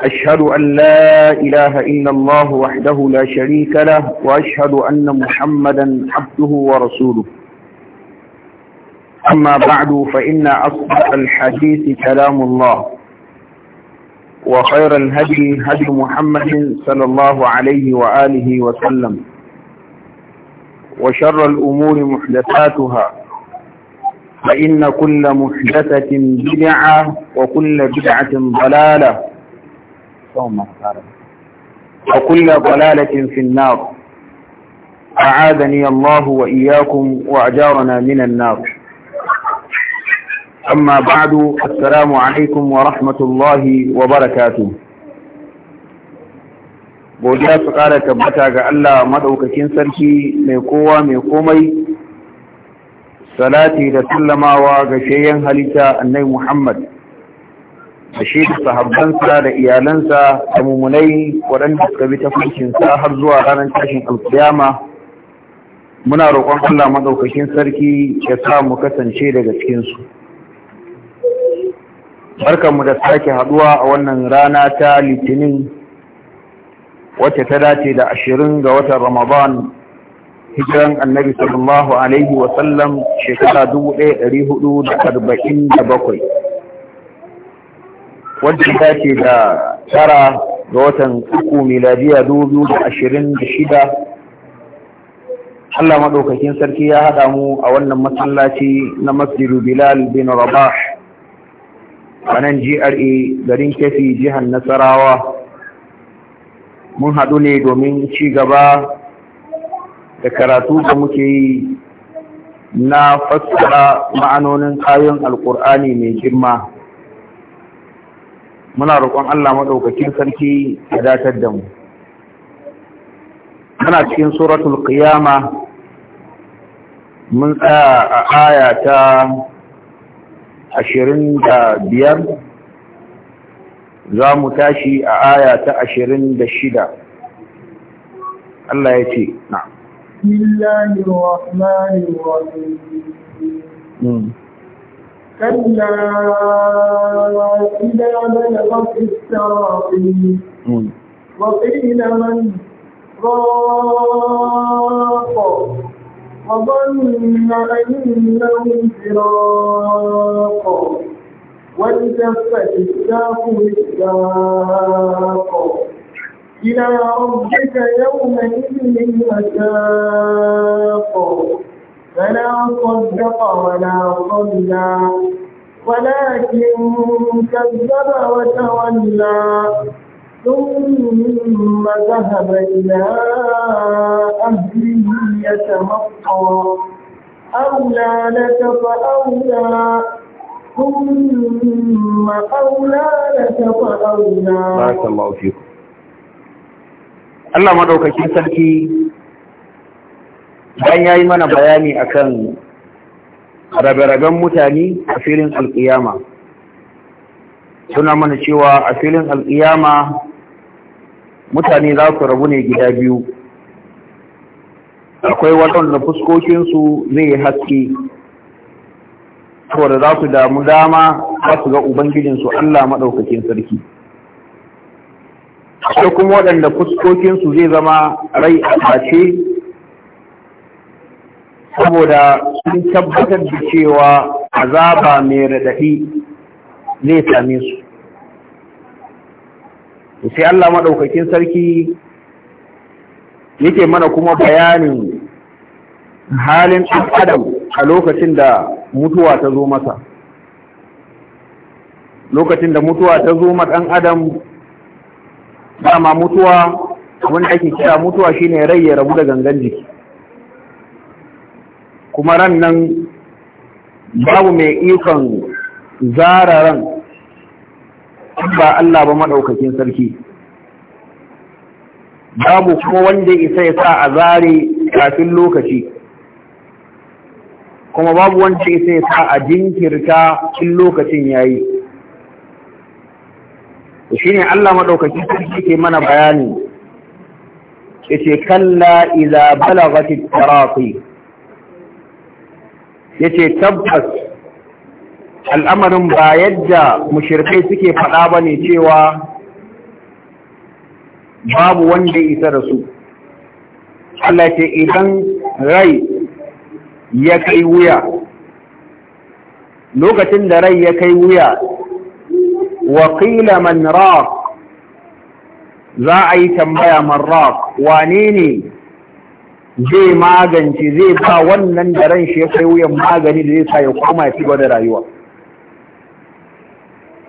أشهد أن لا إله إلا الله وحده لا شريك له وأشهد أن محمدا عبده ورسوله أما بعد فإن أصدق الحديث كلام الله وخير الهدي هدي محمد صلى الله عليه وآله وسلم وشر الأمور محدثاتها فإن كل محدثة بدعة وكل بدعة ضلالة يوم مغفرة وكل ضلالة في النار أعاذني الله وإياكم وأجارنا من النار أما بعد السلام عليكم ورحمة الله وبركاته بوجه سقالة تبتع جعل مدعوك كنسلشي ميقوة ميقومي صلاتي تسلم وغشيا هلتا أني محمد da shi da sahabbansa da iyalansa da mummunai waɗanda suka bi ta sa har zuwa ranar tashin alkiyama muna roƙon Allah maɗaukakin sarki ya sa mu kasance daga cikinsu. Barkanmu da sake haɗuwa a wannan rana ta Litinin wacce ta dace da ashirin ga watan Ramadan hijiran annabi sallallahu Alaihi wasallam shekara dubu ɗaya ɗari hudu da arba'in da bakwai. wadda ta ce da tara ga watan uku miladiya dubu da ashirin da shida Allah maɗaukakin sarki ya haɗa mu a wannan masallaci na masjidu Bilal bin Rabah a nan GRA garin kefi jihar Nasarawa mun haɗu ne domin ci gaba da karatu da muke yi na fassara ma'anonin kayan alkur'ani mai girma muna roƙon Allah maɗaukakin sarki ya datar da mu muna cikin suratul ƙiyama. mun tsaya a aya ta ashirin da biyar za mu tashi a aya ta ashirin da shida Allah ya ce na كلا إذا بلغت التراقي وقيل من راق وظن أنه فراق والتفت الساق بالساق إلى ربك يومئذ المساق فلا صدق ولا صلى ولكن كذب وتولى ثم ذهب إلى أهله يتمطى أولى لك فأولى ثم أولى لك فأولى بارك الله فيكم Allah madaukakin sarki bayan ya yi mana bayani akan rabe-raben mutane a filin al'iyama. suna mana cewa a filin al'iyama mutane za su rabu ne gida biyu akwai waɗanda fuskokinsu zai haske saboda za su damu dama za su ga ubangijinsu Allah maɗaukakin sarki akwai kuma waɗanda fuskokinsu zai zama rai a ce saboda sun tabbatar da cewa azaba mai raɗaɗi zai same su sai Allah maɗaukakin sarki yake mana kuma bayanin halin ɗan adam a lokacin da mutuwa ta zo masa lokacin da mutuwa ta zo ma ɗan adam dama mutuwa wanda ake kira mutuwa shine rai ya rabu da gangan jiki kuma ran nan babu mai ikon zara ran ba Allah ba maɗaukakin sarki babu kuma wanda isa ya sa a zare kafin lokaci kuma babu wanda isa ya sa a jinkirta cin lokacin yayi shi ne Allah maɗaukakin sarki ke mana bayani ya ce kalla iza balagatit tarafi yace tabbas al'amarin ba yadda mushrikai suke faɗa bane cewa babu wanda isa da su Allah ce idan rai ya kai wuya lokacin da rai ya kai wuya wakila man raq za a yi tambaya man raq wane ne zai magance zai ba wannan da ran shi ya kai wuyan magani da zai sa ya koma ya ci gaba da rayuwa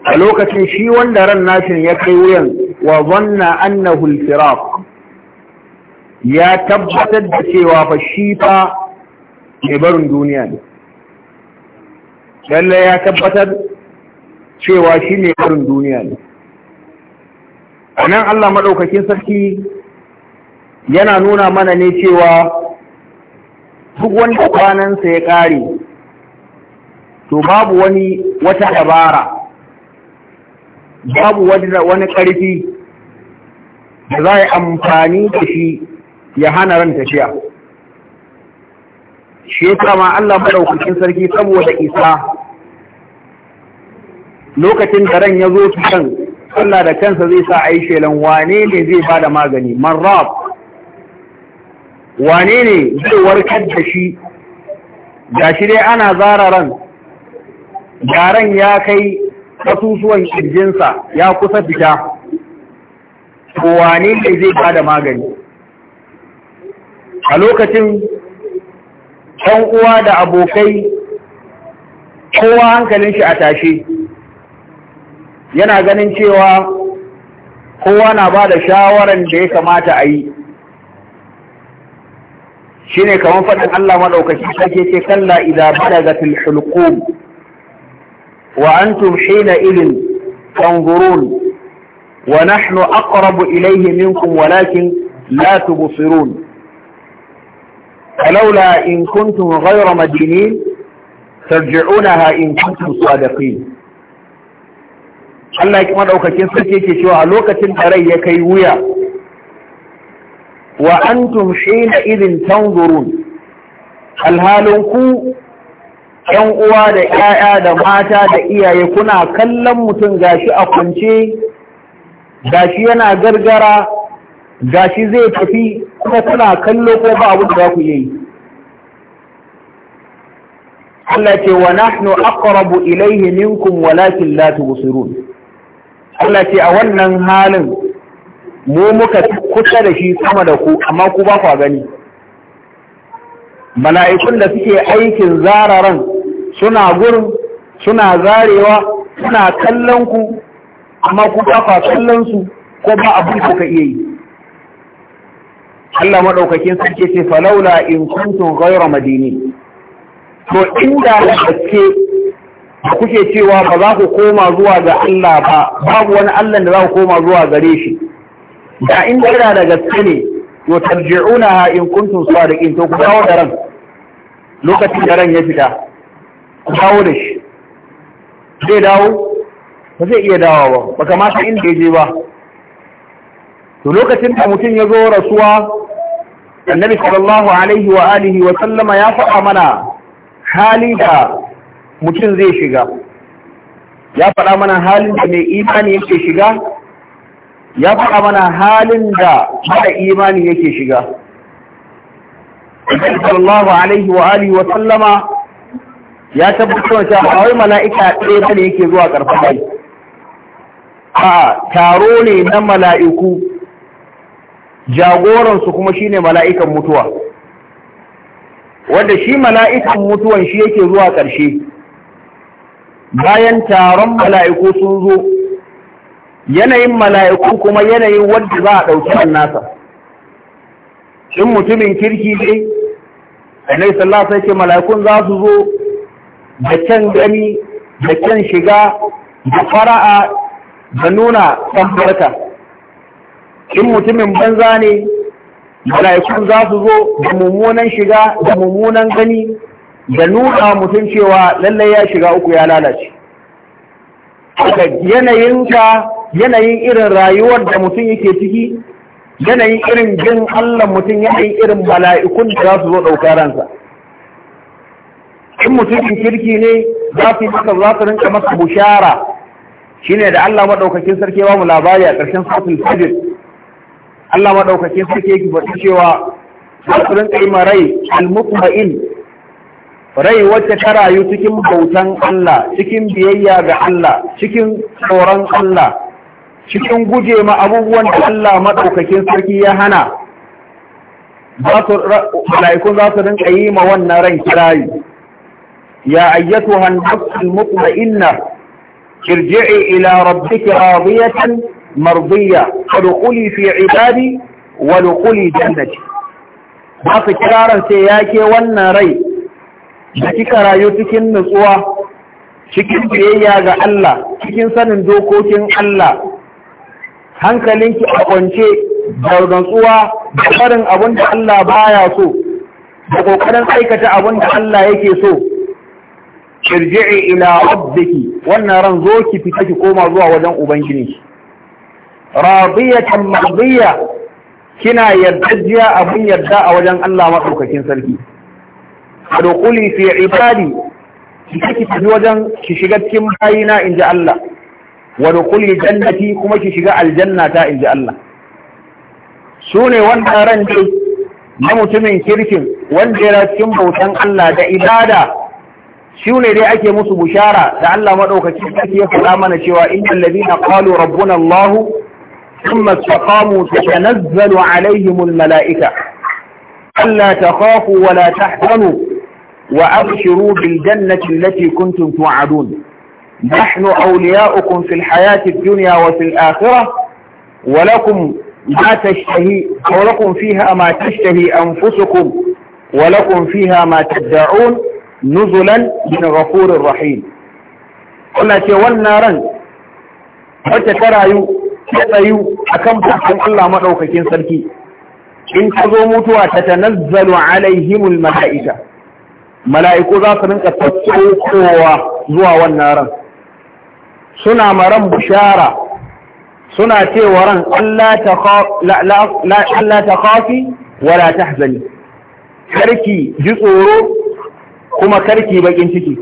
a lokacin shi wanda ran nashin ya kai wuyan wa zanna annahu al-firaq ya tabbatar da cewa fa shi fa mai barin duniya ne lalle ya tabbatar cewa shi ne barin duniya ne anan Allah madaukakin sarki yana nuna mana ne cewa duk wanda kwanansa ya ƙare to babu wani wata dabara babu wani ƙarfi da za a yi amfani da shi ya hana ran tafiya shi ya ma Allah maɗaukakin sarki saboda isa lokacin da ran ya zo su kan Allah da kansa zai sa a yi shelan wane ne zai ba da magani marab wane ne zai warkar da shi ga shi dai ana zara ran yaren ya kai kasusuwan kirjinsa ya kusa fita to wane ne zai bada magani a lokacin ɗan uwa da abokai kowa hankalin shi a tashe yana ganin cewa kowa na ba da shawaran da ya kamata a yi shine kamar faɗin Allah maɗaukaki sake ce kalla idza balagatil hulqum wa antum hina ilin tanzurun wa nahnu aqrabu ilayhi minkum walakin la tubsirun falawla in kuntum ghayra madinin tarji'unaha in kuntum sadiqin Allah ya kuma daukakin sarki yake cewa a lokacin da rai ya kai wuya wa antum hina idin tanzurun alhalin ku ‘yan uwa da ‘ya'ya da mata da iyaye kuna kallon mutum gashi a kwance, gashi yana gargara, gashi zai tafi kuma kuna kallo ko ba abin da za ku yi. Allah ce wa nahnu aqrabu ilayhi minkum walakin la tubsirun. Allah ce a wannan halin mu muka kusa da shi sama da ku amma ku ba kwa gani mala'ikun da suke aikin zararan suna gurin suna zarewa suna kallon ku amma ku ba kwa kallon su ko ba abin ka iya yi Allah maɗaukakin sarki ce falaula in kuntum ghayra madini to inda ba kuke cewa ba za ku koma zuwa ga Allah ba babu wani Allah da za ku koma zuwa gare shi da in kira da gaske ne to ha in kuntum sadiqin to ku dawo da ran lokacin da ran ya fita ku dawo da shi zai dawo ba zai iya dawo ba ba kamata in ya je ba to lokacin da mutum ya zo rasuwa annabi sallallahu alaihi wa alihi wa sallama ya faɗa mana hali da mutum zai shiga ya faɗa mana halin da mai imani yake shiga ya faɗa mana halin da mara imani yake shiga sallallahu alaihi wa alihi wa sallama ya tabbatar da cewa wai mala'ika ɗaya ne yake zuwa ƙarfin bai a taro ne na mala'iku jagoransu kuma shi ne mala'ikan mutuwa wanda shi mala'ikan mutuwan shi yake zuwa ƙarshe bayan taron mala'iku sun zo yanayin mala'iku kuma yanayin wanda za a ɗauki an nasa in mutumin kirki ne a nai sallasa ce mala'ikun za su zo da kyan gani da kyan shiga da fara'a da nuna sambarka in mutumin banza ne mala'ikun za su zo da mummunan shiga da mummunan gani da nuna mutum cewa lallai ya shiga uku ya lalace daga yanayinka yanayin irin rayuwar da mutum yake ciki yanayin irin jin Allah mutum yanayin irin mala'ikun da za su zo ɗauka ransa in mutumin kirki ne za su yi masa za su rinka masa bushara shine da Allah maɗaukakin sarki ba mu labari a ƙarshen sautin fajr Allah maɗaukakin sarki yake faɗi cewa za su rinka yi marai al-mutma'in rai wacce ta rayu cikin bautan Allah cikin biyayya ga Allah cikin tsoron Allah cikin guje ma abubuwan da Allah maɗaukakin sarki ya hana mala'ikun za su rinka yi ma wannan ran kirayi ya ayyatu hannasul mutma'inna irji'i ila rabbika radiyatan mardiya fadkhuli fi ibadi wa dkhuli jannati ba su kiraran sai ke wannan rai da kika rayu cikin nutsuwa cikin biyayya ga Allah cikin sanin dokokin Allah hankalinki a kwance da rantsuwa da farin abin da Allah baya so da kokarin aikata abin da Allah yake so irji'i ila rabbiki wannan ran zo ki fita ki koma zuwa wajen ubangiji radiyatan mardiya kina yardajiya abin yarda a wajen Allah madaukakin sarki adokuli fi ibadi ki tafi wajen ki shiga cikin bayina inji Allah wa dkhuli jannati kuma ki shiga ta, inji Allah sune wanda ran dai na mutumin kirkin wanda ya cikin bautan Allah da ibada shi ne dai ake musu bushara da Allah maɗaukaki ake ya faɗa mana cewa innal ladina qalu rabbuna Allah thumma istaqamu tatanazzalu alaihimul malaika alla takhafu wa la tahzanu وأبشروا بالجنة التي كنتم توعدون نحن أولياؤكم في الحياة الدنيا وفي الآخرة ولكم ما تشتهي ولكم فيها ما تشتهي أنفسكم ولكم فيها ما تدعون نزلا من غفور رحيم قلنا تولنا رن حتى يو أكم تحكم الله مدعوك كين سلكي إن تظومتوا تتنزل عليهم الملائكة mala'iku za su rinka tattaukowa zuwa wannan ran suna maran bishara suna cewa ran Allah ta kafi wala ta hazani karki ji tsoro kuma karki bakin ciki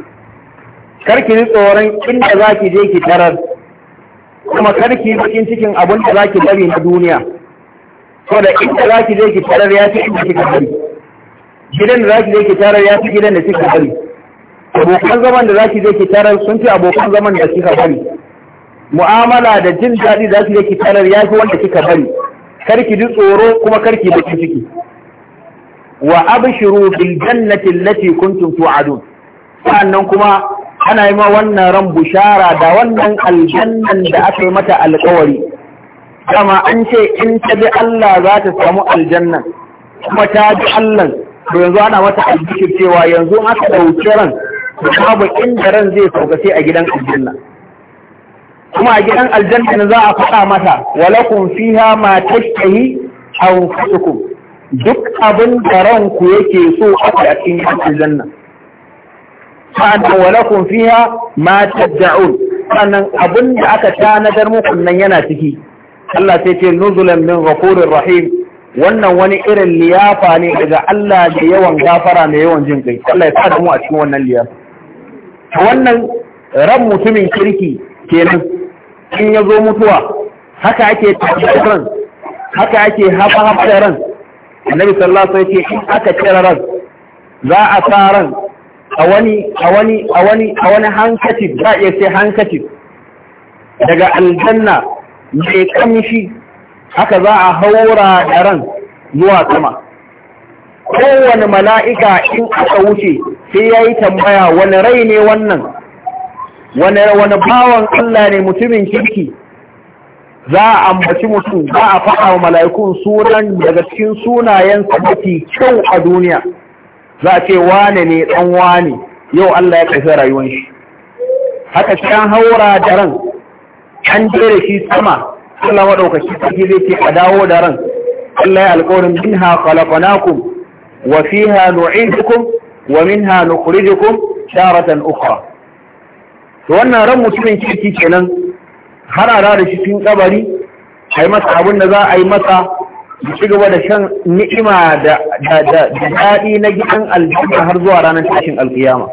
karki ji tsoron inda za ki je ki tarar kuma karki bakin cikin abinda da za ki bari na duniya so da inda za ki je ki tarar ya fi inda ki bari gidan da zaki je tarar ya fi gidan da kika bari abokan zaman da zaki je tarar sun fi abokan zaman da kika bari mu'amala da jin daɗi da zaki je tarar ya fi wanda kika bari kar ki ji tsoro kuma kar ki baki ciki wa abshiru bil jannati allati kuntum tu'adun sannan kuma ana yi ma wannan ran bushara da wannan aljannan da aka yi mata alƙawari kama an ce in ta bi Allah za ta samu aljannan kuma ta bi Allah to yanzu ana mata albishir cewa yanzu aka ɗauki ran babu inda ran zai sauka sai a gidan aljanna kuma a gidan aljanna ne za a faɗa mata walakum fiha ma tashtahi anfusukum duk abin da ranku yake so a cikin aljanna sa'annan walakum fiha ma tad'un sannan abin da aka tanadar muku nan yana ciki Allah sai ce nuzulan min ghafurir rahim wannan wani irin liyafa ne daga Allah da yawan gafara mai yawan jin kai Allah ya sa mu a cikin wannan liyafa to wannan ran mutumin kirki kenan in ya zo mutuwa haka ake tafiya ran haka ake hafa hafa ran annabi sallallahu alaihi wasallam ya ce in aka cire ran za a sa ran a wani a wani a wani a wani hankacin za a iya sai hankacin daga aljanna mai kamshi haka za a haura da zuwa sama kowane mala'ika in aka wuce sai ya yi tambaya wani rai ne wannan wani bawan Allah ne mutumin kirki za a ambaci mutum za a faɗa wa mala'ikun sunan daga cikin sunayen sabati kyau a duniya za a ce wane ne ɗan wane yau Allah ya ƙafi rayuwan shi haka can haura da ran an jere shi sama Allah madaukaki sai zai ce a dawo da ran Allah ya alƙawarin minha khalaqnakum wa fiha nu'idukum wa minha nukhrijukum sharatan ukhra to wannan ran mutumin kirki kenan ara da shi cikin kabari ai masa abin da za a yi masa ya ci gaba da shan ni'ima da daɗi na gidan aljanna har zuwa ranar tashin alkiyama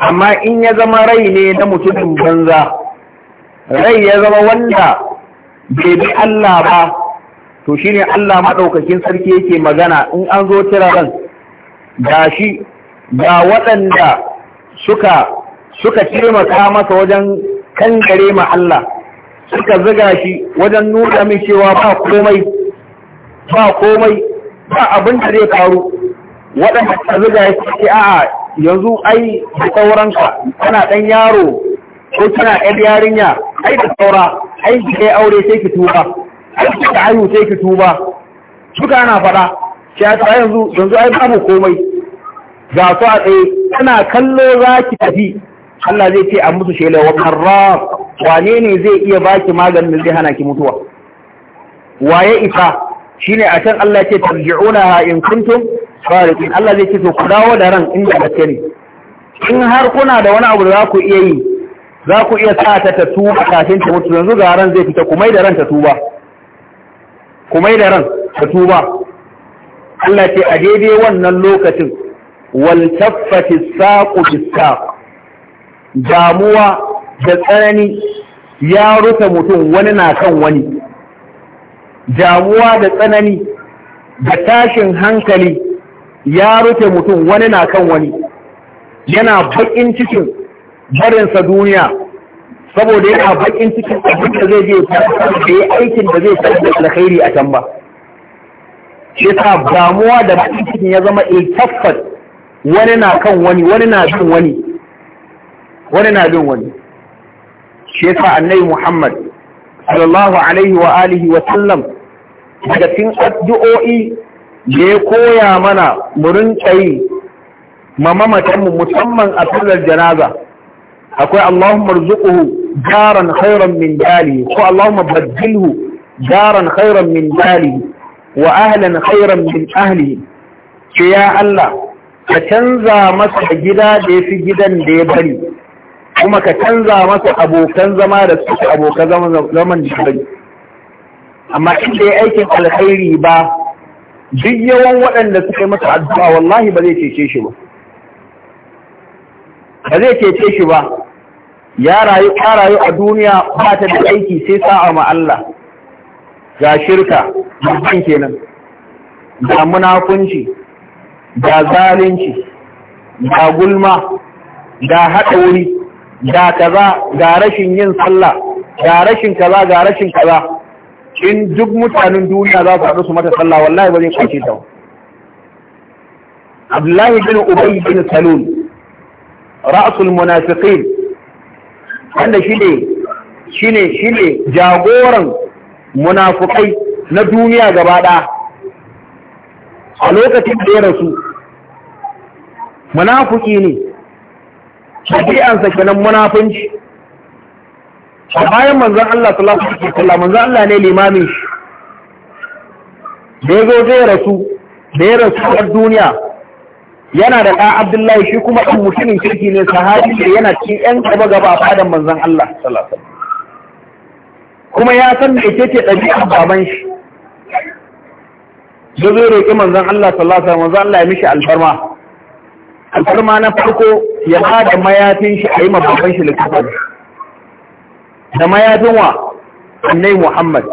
amma in ya zama rai ne na mutumin banza rai ya zama wanda bai bi Allah ba to shine Allah maɗaukakin sarki yake magana in an zo tira ran ga shi ga waɗanda suka suka taimaka masa wajen kankare ma Allah suka ziga shi wajen nuna min cewa ba komai ba komai ba abin da zai faru waɗanda suka ziga shi a'a yanzu ai da sauranka kana ɗan yaro ko kina ɗan yarinya ai da saura ai ki kai aure sai ki tuba ai ki da ayu sai ki tuba duka ana faɗa ya ta yanzu yanzu ai babu komai ga su a tsaye kana kallo za ki tafi Allah zai ce a musu shela wa karraf wane ne zai iya baki maganin da zai hana ki mutuwa waye isa shine a can Allah ce tarji'unaha in kuntum sadiqin Allah zai ce to ku dawo da ran inda gaske ne in har kuna da wani abu da za ku iya yi za ku iya sa ta ta tuba kafin ta mutu yanzu ga ran zai fita kuma da ran ta tuba kuma da ran ta tuba Allah ce a daidai wannan lokacin wal taffati saqu bisaq damuwa da tsanani ya rufe mutum wani na kan wani damuwa da tsanani da tashin hankali ya rufe mutum wani na kan wani yana bakin cikin barinsa duniya saboda yana bakin cikin abin da zai je da yi aikin da zai sanya alkhairi a can ba shi ta damuwa da bakin cikin ya zama iltaffat wani na kan wani wani na bin wani wani na bin wani shi ta annabi Muhammad sallallahu alaihi wa alihi wa sallam daga cikin addu'o'i da ya koya mana mu rinƙa yi ma musamman a sallar janaza akwai Allahumma rzuquhu jaran khairan min ko Allahumma badilhu jaran khairan min wa ahlan khairan min ahli ce ya Allah ka canza masa gida da ya fi gidan da ya bari kuma ka canza masa abokan zama da suke abokan zaman da bari amma inda ya aikin alkhairi ba duk yawan waɗanda suka yi masa addu'a wallahi ba zai cece shi ba ba zai cece shi ba ya rayu rayu a duniya ba ta da aiki sai sa'a ma Allah ga shirka mutum kenan ga munafunci ga zalunci ga gulma ga haɗa wuri ga kaza ga rashin yin sallah ga rashin kaza ga rashin kaza in duk mutanen duniya za su haɗu su mata sallah wallahi ba zai kwace ta Abdullahi bin Ubayy bin Salul ra'sul munafiqin wanda shine shi ne jagoran munafukai na duniya gaba ɗaya a lokacin da ya rasu munafuki ne shafi'ansa kenan munafunci a bayan manzan Allah sallallahu suke wasallam manzan Allah ne limamin shi da ya zo zai rasu da ya rasu a duniya yana da ɗa abdullahi shi kuma ɗan mutumin kirki ne sahabi ne yana cikin ƴan gaba gaba a fadan manzon Allah sallallahu kuma ya san me yake ɗabi'ar baban shi da zai roƙi manzon Allah sallallahu alaihi wasallam Allah ya mishi alfarma alfarma na farko ya ba da mayafin shi a yi ma baban shi likafar da mayafin wa annai Muhammad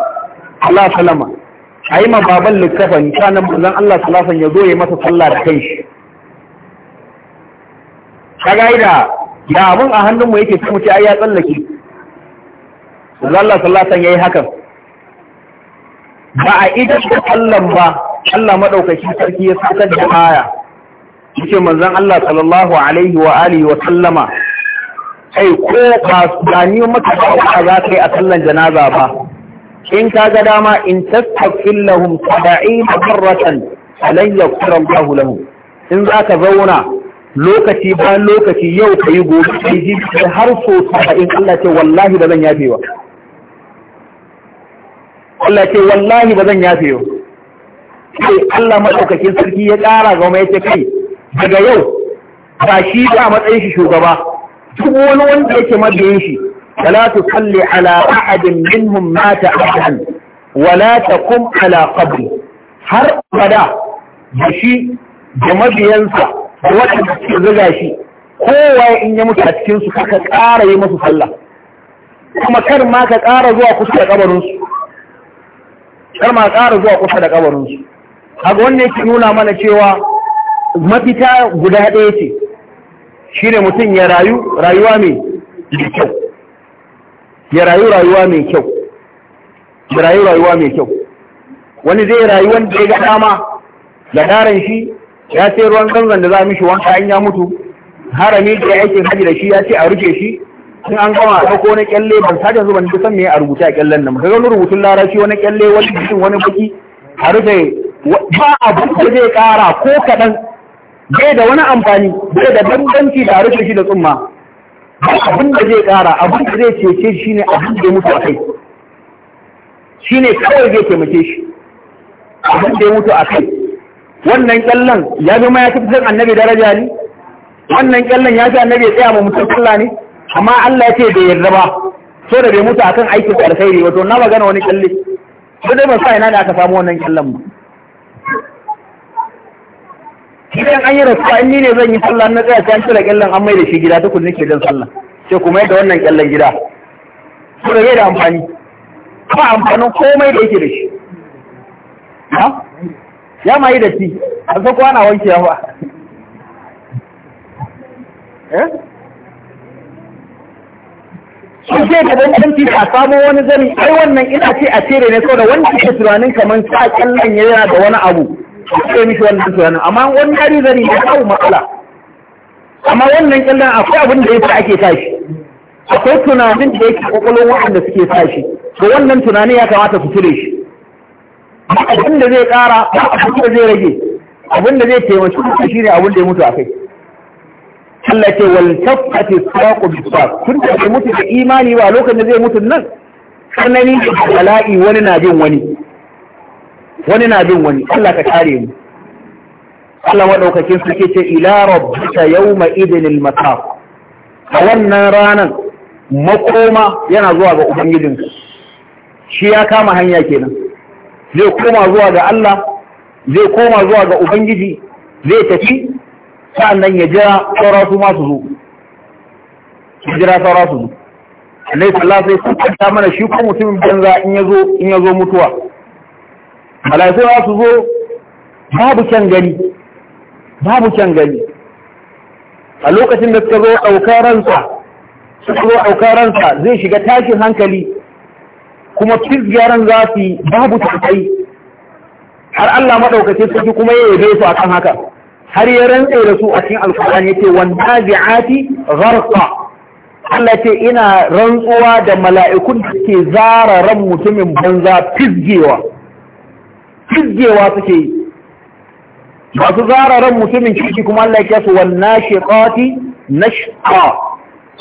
Allah salama a yi ma baban likafar sanan manzon Allah sallallahu alaihi ya zo ya masa sallah da shi. ka gaida da abun a hannunmu yake sai mu ce ai ya tsallake Allah sallallahu alaihi hakan ba a idan da kallon ba Allah madaukaki sarki ya sakar da aya yace manzon Allah sallallahu alaihi wa alihi wa sallama kai ko ba su ni maka ba za kai a sallan janaza ba in ka ga dama in tastaghfir lahum 70 marratan lan yaghfir Allah lahum in zaka zauna lokaci ba lokaci yau ka yi gobe ka yi jibi har so saba'in Allah ce wallahi ba zan yafe ba. Allah ce wallahi ba zan yafe ba. sai Allah maɗaukakin sarki ya ƙara ga mai kai daga yau ba shi ba matsayin shi shugaba duk wani wanda yake mabiyin shi wala tusalli ala ahadin minhum mata ahadan wala takum ala qabri har abada da shi da mabiyansa da waɗanda suke zuga shi kowa in ya mutu a cikinsu ka ƙara yi masu sallah kuma kar ma ka ƙara zuwa kusa da kabarinsu kar ma ƙara zuwa kusa da kabarinsu haka wannan yake nuna mana cewa mafita guda ɗaya ce shi ne mutum ya rayu rayuwa mai kyau ya rayu rayuwa mai kyau ya rayu rayuwa mai kyau wani zai rayu wanda ya ga dama da daren shi ya ce ruwan zanzan da za a mishi wanka an ya mutu harami da ya aikin haji da shi ya ce a rufe shi sun an gama a ɗauko wani kyalle ban sa zuba ban san me a rubuta a kyallen nan kaga wani rubutun larabci wani kyalle wani jikin wani baki a rufe ba abu da zai ƙara ko kaɗan bai da wani amfani bai da danganci da a rufe shi da tsumma abin da zai ƙara abin da zai cece shi ne abin da ya mutu a kai shi ne kawai zai taimake shi abin da ya mutu a kai wannan kyallon ya zama ya fi san annabi daraja ne wannan kyallon ya fi annabi ya tsaya ma mutum sallah ne amma Allah ya ce bai yarda ba so da bai mutu akan aikin alkhairi wato na magana wani kyalle sai dai masu sa ina ne aka samu wannan kyallon ba idan an yi rasuwa in ni ne zan yi sallah na tsaya sai an cire kyallon an mai da shi gida tukun nake jan sallah sai kuma yadda wannan kyallon gida so da bai da amfani ba amfanin komai da yake da shi ya ma yi da ti a san kowa na wanke yawa sun ce da bancanci a samo wani zani ai wannan ina ce a cire ne saboda wani ke tunanin kamar ta kyallon yana da wani abu sai mishi wannan tunanin amma wani hari zani ya kawo matsala amma wannan kyallon akwai abin da yasa ake tashi akwai tunanin da yake kokolon waɗanda suke tashi to wannan tunanin ya kamata su cire shi abin da zai kara, abin da zai rage abin da zai taimaki mutum shine abin da ya mutu akai. Allah ce wal tafati saqu bi saq kun da mutu da imani ba lokacin da zai mutu nan sanani da bala'i wani na bin wani wani na bin wani Allah ka kare mu Allah madaukakin su ke ce ila rabbika yawma idin al masaq a wannan ranan makoma yana zuwa ga ubangijinka shi ya kama hanya kenan zai koma zuwa ga Allah zai koma zuwa ga ubangiji zai tafi nan ya jira saura su masu zo ya jira saura su zo Allah sai sun kanta mana shi ko mutumin banza in ya zo in ya zo mutuwa malaiku za su zo babu can gani babu can gani a lokacin da suka zo ɗaukar ransa suka zo ɗaukar ransa zai shiga tashin hankali kuma fis za su yi babu takai har Allah maɗaukacin sarki kuma ya yabe su kan haka har ya rantse da su a cikin alkur'ani ce wanda bi'ati zarfa Allah ce ina rantsuwa da mala'ikun da ke zararen mutumin banza fisgewa fisgewa suke yi masu zara ran mutumin ciki kuma Allah ya ce su wannan na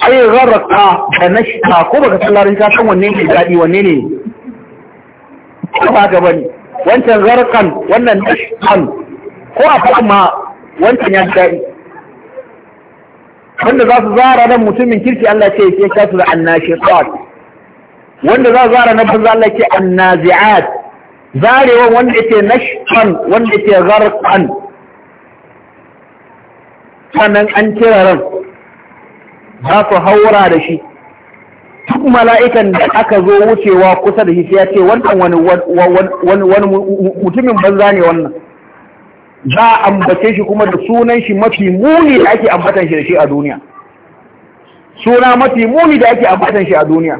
ai rarraka da nashka ko baka san larabci ka san wanne ne dadi wanne ne ba ga bane wancan gharqan wannan nashkan ko a fa ma wancan ya dadi wanda za su zara nan mutumin kirki Allah ce ya kasu da annashiqat wanda za su zara nan banza Allah ce annazi'at zarewan wanda yake nashkan wanda yake gharqan sannan an kira ran za su haura da shi duk mala'ikan da aka zo wucewa kusa da shi ya ce wannan wani mutumin banza ne wannan za a ambace shi kuma da sunan shi mafi muni da ake ambatan shi da shi a duniya suna mafi muni da ake ambatan shi a duniya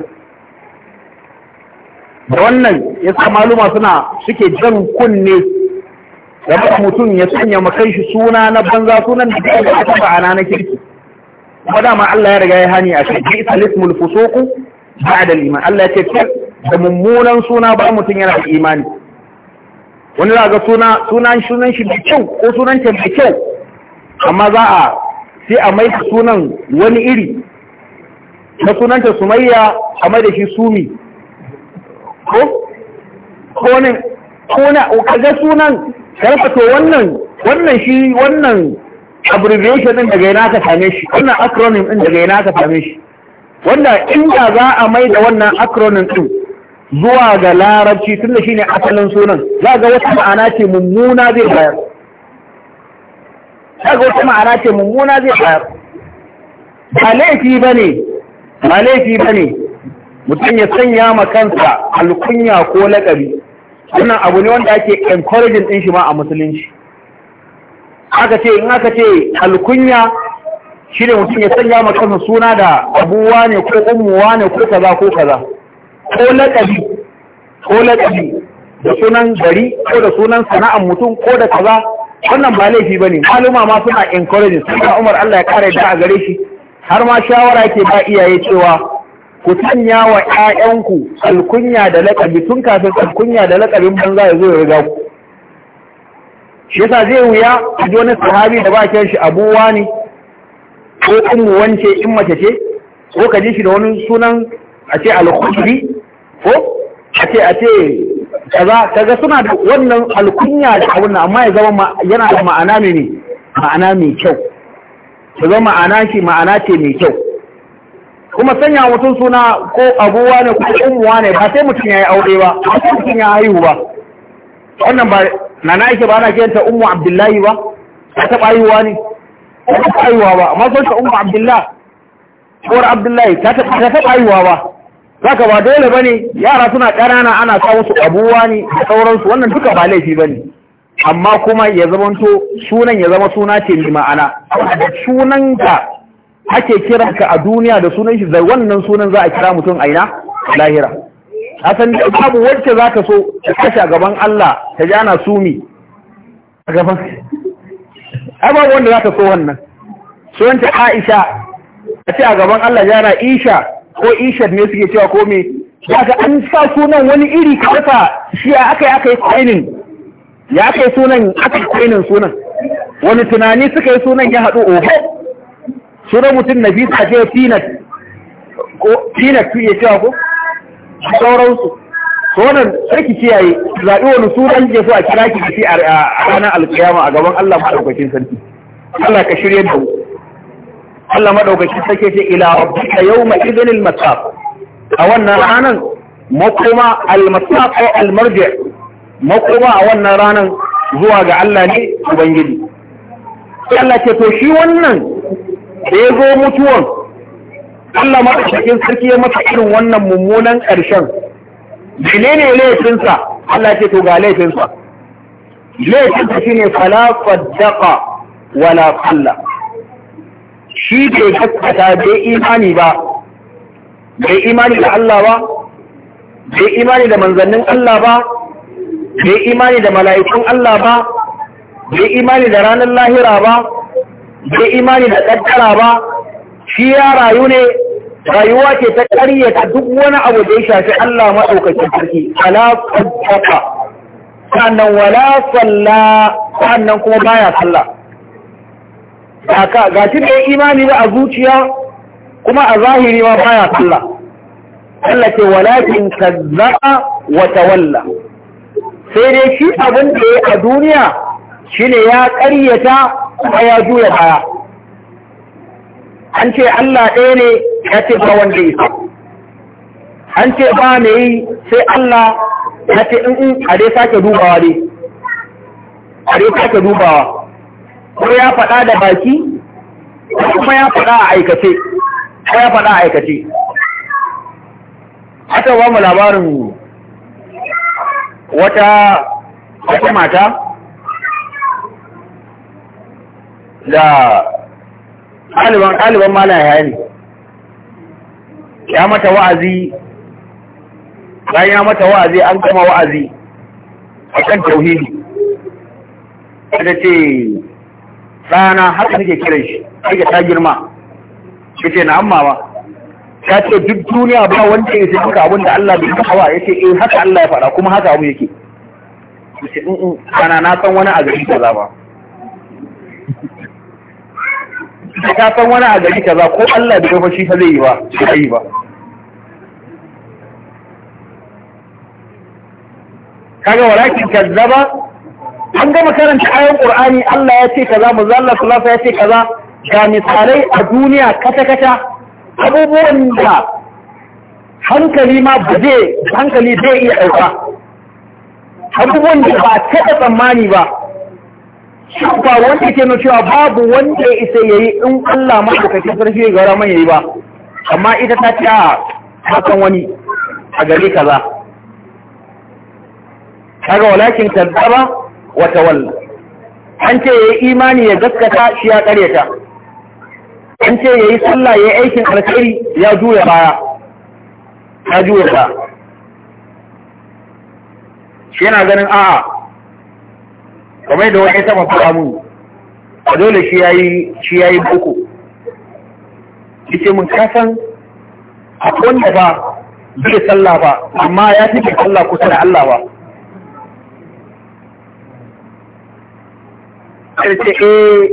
da wannan ya sa maluma suna suke jan kunne da mutum ya sanya makan shi suna na banza sunan da ake ba a na kirki kuma dama Allah ya riga ya hani a shi isa lismul fusuku ba'da al-iman Allah ya ce da mummunan suna ba mutum yana da imani wani za ga suna sunan sunan shi mai kyau ko sunan ta mai kyau amma za a sai a mai sunan wani iri na sunanta sumayya a mai da shi sumi ko ko ne ko na ga sunan to wannan wannan shi wannan abbreviation din daga yana ka same shi wannan acronym din daga yana ka same shi wanda inda za a mai da wannan acronym din zuwa ga larabci tun da shine asalin sunan za ga wata ma'ana ce mummuna zai bayar za ga wata ma'ana ce mummuna zai bayar ba laifi ba ne ba laifi ba ne mutum ya sanya ma kansa alkunya ko laƙabi wannan abu ne wanda ake encouraging din shi ma a musulunci aka ce in aka ce alkunya shi ne mutum ya sanya makasa suna da abuwa ne ko umuwa ne ko kaza ko kaza ko laƙabi ko laƙabi da sunan gari ko da sunan sana'ar mutum ko da kaza wannan ba laifi ba ne maluma ma suna encouraging suna umar Allah ya kare da a gare shi har ma shawara ke ba iyaye cewa ku sanya wa 'ya'yanku alkunya da laƙabi tun kafin alkunya da laƙabin banza ya zo ya riga ku shi yasa zai wuya a ji wani sahabi da ba kiran shi abuwa ne ko ummu wance in mace ce ko ka ji shi da wani sunan a ce alkhudri ko a ce a ce kaza kaga suna da wannan alkunya da abun amma ya zama yana da ma'ana ne ne ma'ana mai kyau ya zama ma'ana shi ma'ana ce mai kyau kuma sanya mutum suna ko abuwa ne ko umuwa ne ba sai mutum ya yi aure ba ba sai mutum ya haihu ba wannan ba na na yake ba na kenta ummu abdullahi ba ta taɓa haihuwa ne ta taɓa haihuwa ba amma sun ta ummu abdullahi kawar abdullahi ta taɓa haihuwa ba Za ka ba dole ba ne yara suna ƙanana ana sa musu abuwa ne da sauransu wannan duka ba laifi ba ne amma kuma ya zamanto sunan ya zama suna ce mai ma'ana da sunanka ake ka a duniya da sunan shi zai wannan sunan za a kira mutum aina lahira hasan babu wacce za ka so ta kashe gaban Allah ta ji ana sumi a gaban ai babu wanda za ka so wannan sunanta Aisha a ce a gaban Allah jana Isha ko isha ne suke cewa ko me ka an sa sunan wani iri karfa shi aka yi aka yi kwainin ya aka yi sunan aka yi kwainin sunan wani tunani suka yi sunan ya haɗu oho sunan mutum na bisa ce peanut ko peanut iya cewa ko da sauransu to wannan sai ki kiyaye zaɓi wani sunan ke so a kira ki ki a ranar alƙiyama a gaban Allah madaukakin sarki Allah ka shirye da Allah madaukakin sarki ce ila rabbika yawma idhnil masaf a wannan ranar makoma al-masaf ko al-marji' makoma a wannan ranar zuwa ga Allah ne ubangiji Allah ce to shi wannan da ya zo mutuwan Allah madaukakin sarki ya masa irin wannan mummunan ƙarshen menene laifinsa Allah ce to ga laifinsa laifinsa shine fala saddaqa wala qalla shi bai gaskata bai imani ba bai imani da Allah ba bai imani da manzannin Allah ba bai imani da mala'ikun Allah ba bai imani da ranar lahira ba bai imani da ƙaddara ba shi ya rayu ne rayuwa ce ta ƙaryata duk wani abu da ya shafi Allah maɗaukacin sarki ala saddaqa sannan wala salla sannan kuma baya sallah ga shi da imani ba a zuciya kuma a zahiri ma baya sallah Allah ce walakin kazzaba wata walla. sai dai shi abin da ya a duniya shine ya ƙaryata kuma ya juya baya an ce Allah ɗaya ne ya ce ba wanda isa an ce ba me yi sai Allah ya ce in a dai sake dubawa dai a dai sake dubawa ko ya faɗa da baki kuma ya faɗa a aikace ko ya faɗa a aikace aka ba mu labarin wata wata mata da ɗaliban ɗaliban mala ya ne ya mata wa'azi bayan ya mata wa'azi an kama wa'azi a kan tauhidi ta ce ɗana haka nake kiran shi aika ta girma shi ce na amma ba ta ce duk duniya ba wanda ya sai duka abinda Allah bai kawo ya ce eh haka Allah ya faɗa kuma haka abu yake ce ɗana na san wani a gari kaza ba da ka san wani a gari kaza ko Allah da kuma shi ta zai yi ba ba yi ba kaga walakin kazzaba an gama karanta ayan qur'ani Allah ya ce kaza manzo Allah sallallahu ya ce kaza ga misalai a duniya kata kata abubuwan da hankali ma ba zai hankali zai iya ɗauka abubuwan da ba taɓa tsammani ba ba wanda ke na cewa babu wanda ya isa yayi in Allah ma lokacin sarki ga raman yayi ba amma ita ta ce hakan wani a gari kaza kaga walakin kadzaba wa tawalla an ce yayi imani ya gaskata shi ya karyata an ce yayi sallah yayi aikin alkhairi ya juya baya ya juya baya yana ganin a'a kamar da wani taɓa faɗa mun a dole shi yayi shi yayi boko yace mun kasan a wanda ba bai sallah ba amma ya fi sallah kusa da Allah ba karshe eh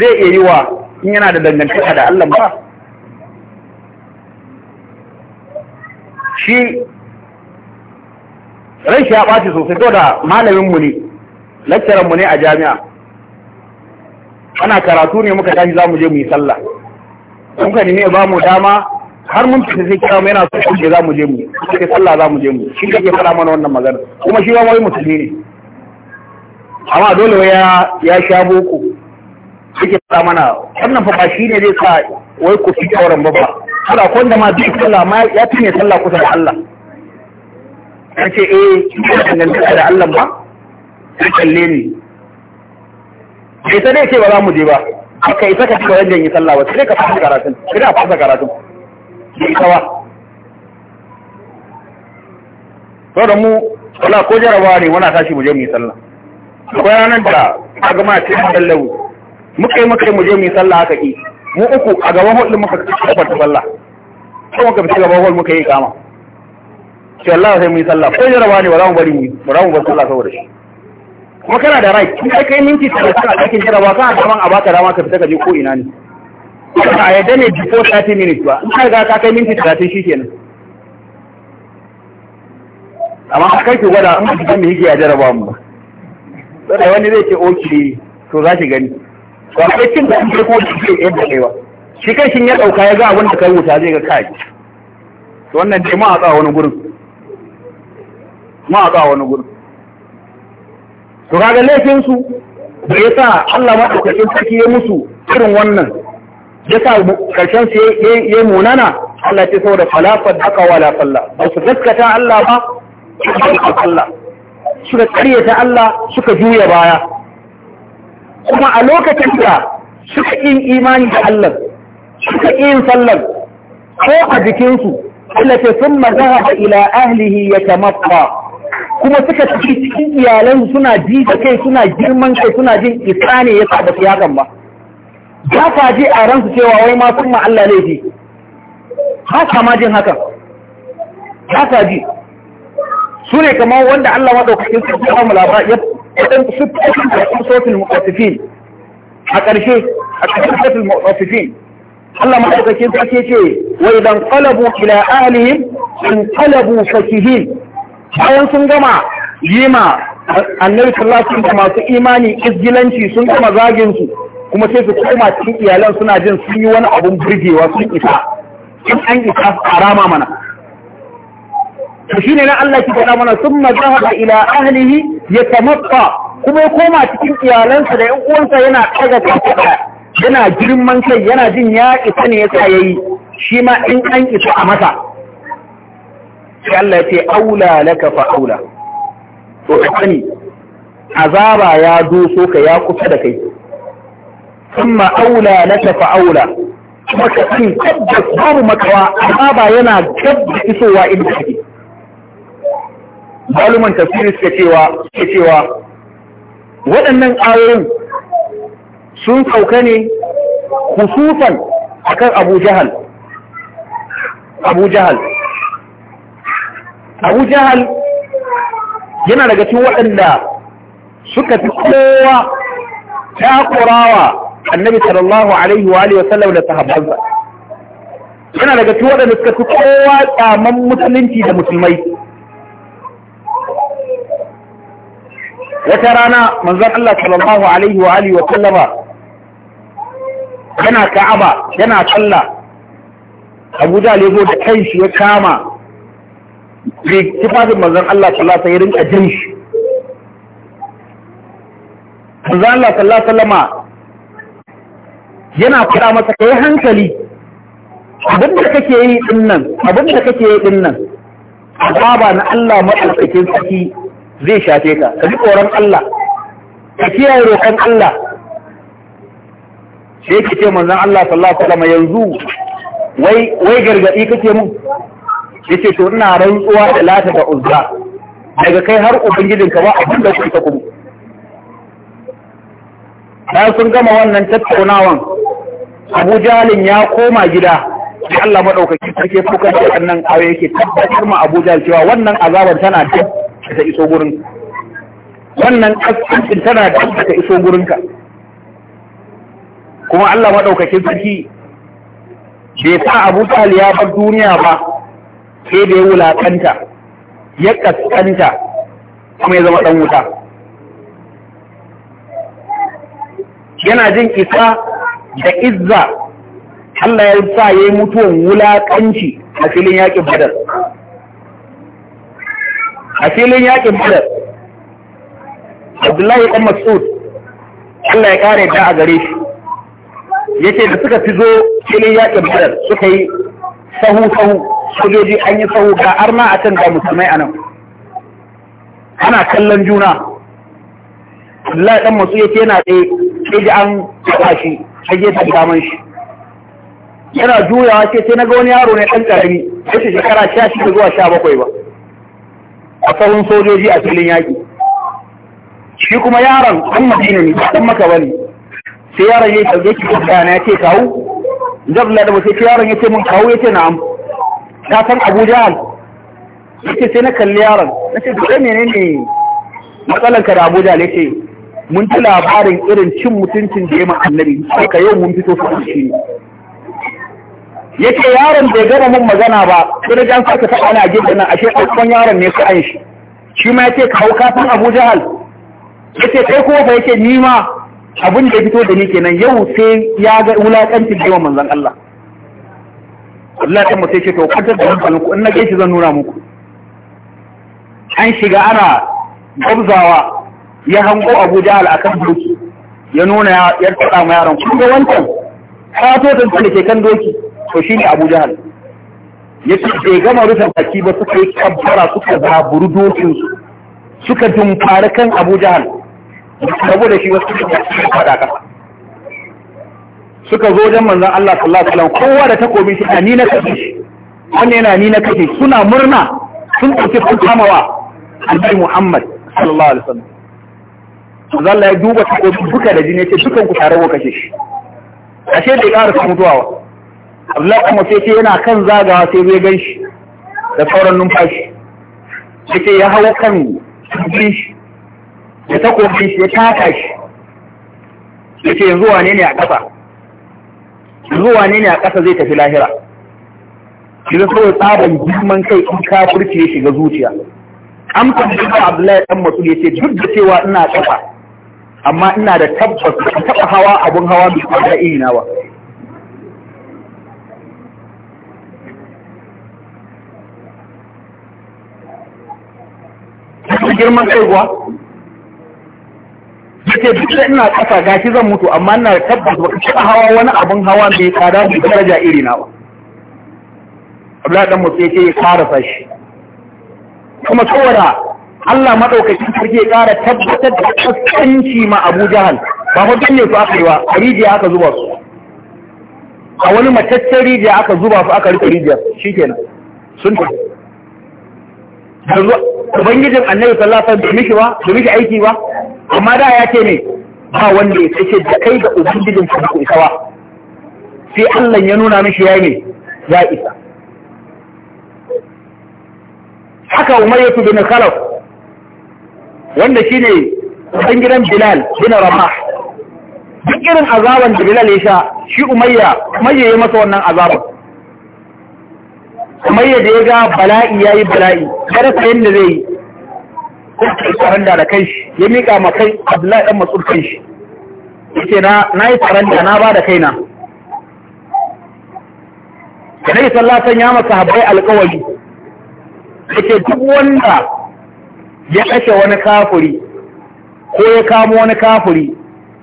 zai iya yi wa in yana da dangantaka da Allah ba shi ran shi ya ɓaci sosai to da malaminmu ne lakcaran mu ne a jami'a ana karatu ne muka tashi zamu je mu yi sallah muka nemi ba mu dama har mun fita sai kira mu yana so ku za mu je mu sai sallah za mu je mu shi kake fara mana wannan magana kuma shi ba wai musulmi ne amma dole ya ya sha boko kike fara mana wannan fa ba shi ne zai sa wai ku fi auren ba kada ko da ma duk sallah ma ya tune sallah kusa da Allah ce eh ina dangantaka da Allah ba ya kalle ni bai sai dai ce ba za mu je ba aka isa ka cika wajen yi sallah ba sai ka fasa karatun sai ka fasa karatun bai isa ba to da mu wala ko jarabawa ne muna tashi mu je mu yi sallah akwai ranar da a gama ce da lawu muka yi muka yi mu je mu yi sallah haka ki mu uku a gaban hulɗin muka kafar sallah sai muka fi gaban hulɗin muka yi kama sai Allah sai mu yi sallah ko jarabawa ne ba za mu bari mu ba za mu bar sallah saboda shi kuma kana da right Kuma kai minti talatin a ɗakin jarabawa kana da man a baka dama ka fita ka je ko ina ne ba a yadda ne before 30 minutes ba in ka ga ka kai minti talatin shi kenan amma a kai ki gwada in ka mai yake a jarabawa mu ba sai wani zai ce okay to za ki gani to a cin da ke ko ki ce yadda kai ba shi kai shin ya dauka ya ga abin da kai wuta zai ga kai to wannan dai ma a tsawa wani gurin ma a tsawa wani gurin to kaga laifin su da sa Allah madaukakin sarki ya musu irin wannan sa karshen su ya munana Allah ce saboda da aka wala salla ba su gaskata Allah ba suka Allah suka karyata Allah suka juya baya kuma a lokacin da suka yi imani da Allah suka yi sallar ko a jikinsu Allah ce sun mazaba ila ahlihi ya tamatta kuma suka tafi cikin iyalansu suna ji da kai suna girman kai suna jin isa ne ya sa su yakan ba ba ta je a ransu cewa wai ma sun ma Allah laifi ba ta ma jin haka ba ta ji su ne kamar wanda Allah ma maɗaukakin su ya mu labari ya ɗan su ɗan da su sotul mu'assifin a ƙarshe a ƙarshen sotul mu'assifin Allah maɗaukakin su ake ce wai dan qalabu ila ahlihim in qalabu fakihin bayan sun gama yima annabi sallallahu da masu imani izgilanci sun gama zagin su kuma sai su koma cikin iyalan suna jin sun yi wani abun burgewa sun isa in an isa a mana to shine na Allah ki faɗa mana summa zahaba ila ahlihi yatamatta kuma ya koma cikin iyalansa da ƴan uwansa yana ɗaga kafa yana girman kai yana jin ya isa ne yasa yayi shi ma in an isa a masa sai Allah ya ce aula laka fa aula to sani azaba ya doso ka ya kusa da kai Amma aula laka fa aula kuma ka sani tabbas babu makawa azaba yana gab da isowa inda kake maluman tafsiri suka cewa suka cewa waɗannan ayoyin sun sauka ne hususan akan Abu Jahal Abu Jahal abu jahal yana daga cikin waɗanda suka fi kowa takurawa annabi sallallahu alaihi wa alihi wasallam da sahabbansa yana daga cikin waɗanda suka fi kowa tsaman musulunci da musulmai wata rana manzon Allah sallallahu alaihi wa alihi wasallama yana ka'aba yana sallah abu jahal ya zo da kanshi ya kama tufafin manzan Allah sallallahu alaihi rinka jin shi manzan Allah sallallahu lama. yana fada masa kai hankali abinda kake yi din abinda kake yi dinnan, ababa na Allah madaukakin saki zai shafe ka ka ji tsoron Allah ka kiyaye roƙon Allah sai yake ce manzan Allah sallallahu lama yanzu wai gargaɗi kake mun yake to ina rantsuwa da lata da uzza daga kai har ubangijin ka ba abin da kuka kuma bayan sun gama wannan tattaunawan Abu Jalin ya koma gida da Allah madaukaki sarki fukan da wannan aure yake tabbatar ma Abu Jal cewa wannan azabar tana da ta iso gurin wannan kaskancin tana da ta iso gurinka kuma Allah madaukakin sarki bai sa Abu Jal ya bar duniya ba sai da ya wulaƙanta ya ƙasƙanta kuma ya zama ɗan wuta yana jin isa da izza Allah ya sa ya yi mutuwan wulaƙanci a filin yaƙin badar a filin yaƙin badar abdullahi ɗan masud Allah ya ƙara yadda a gare shi yake da suka fi zo filin yaƙin badar suka yi sahu-sahu sojoji an yi tsawo ga arna a can ga musulmai a nan ana kallon juna Allah dan masu yake yana tsaye sai ji an tsaka shi sai gefe daman shi yana juyawa ce sai na ga wani yaro ne ɗan ƙarami sai shi shekara 16 zuwa sha bakwai ba a tsawon sojoji a filin yaƙi shi kuma yaron an madina ne ɗan maka ba ne sai yaron ya yi yake kaya na ya ce kawo jabla da wasu sai yaron ya ce mun kawo ya ce na'am ka san abu jahal yake sai na kalli yaron na ce duk menene matsalanka da abu jahal yake mun ji labarin irin cin mutuncin da ya ma annabi ka yau mun fito su shi ne yake yaron bai gama mun magana ba sai da saka ta ana gidan nan ashe ɗaukan yaron ne su an shi shi ma yace ka hau kafin abu jahal yace kai kuma fa yake ni ma abin da ya fito da ni kenan yau sai ya ga wulaƙancin da yawan manzon Allah Allah ta mutai ce to kwantar da hankalin ku in na gaishe zan nuna muku an shiga ana gabzawa ya hango Abu a akan doki ya nuna ya tsada ma yaron kun ga wancan katotan da ke kan doki to shine Abu Jahal ya ce bai gama rufe baki ba suka yi kabbara suka zaburu dokinsu suka dumfari kan Abu Jahal saboda shi wasu suka fada kasa suka zo wajen manzon Allah sallallahu alaihi wasallam kowa da takobi shi ni na kashe shi wannan yana ni na kashe suna murna sun dauki sun kamawa annabi Muhammad sallallahu alaihi wasallam manzon Allah ya duba takobi duka da jini ya ce dukan ku tare ku kashe shi ashe bai ƙara mutuwa Abdullahi kuma sai ce yana kan zagawa sai zai gan shi da sauran numfashi sai ce ya hau kan cikin shi ya takobi shi ya taka shi ya ce yanzu wane ne a ƙasa zuwa ne ne a ƙasa zai tafi lahira shi da saboda tsaban girman kai in ka ya shiga zuciya amsa da ba Abdullahi masu ne yace duk da cewa ina ƙasa amma ina da tabbas taɓa hawa abun hawa mai iri ina ba girman kai kuwa ce duk da ina kasa gashi zan mutu amma ina tabbata ba taɓa hawa wani abin hawa mai tsada da daraja iri na ba Abdullahi dan Musa yake ya karasa shi kuma saboda Allah madaukaki sarki ya kara tabbatar da kaskanci ma Abu Jahal ba fa ne su aka yi wa rijiya aka zuba su a wani mataccen rijiya aka zuba su aka rike rijiya shikenan sun tafi ubangijin annabi sallallahu alaihi wasallam bai miki ba bai mishi aiki ba amma da ya ce ne ba wanda ya tsaye da kai da ubangijin ka ku isawa sai Allah ya nuna mishi yayi ne ya isa haka Umar bin Khalaf wanda shine dan gidan Bilal bin Rabah duk irin azaban da Bilal ya sha shi Umayya maye ya masa wannan azaban Umayya da ya ga bala'i yayi bala'i kada sai yanda zai yi ko kai faranda da kai shi ya mika ma kai Abdullahi ɗan Mas'ud kai shi ce na yi faranda na ba da na Annabi sallallahu alaihi sallatan ya masa habai ya ce duk wanda ya kashe wani kafiri ko ya kamo wani kafiri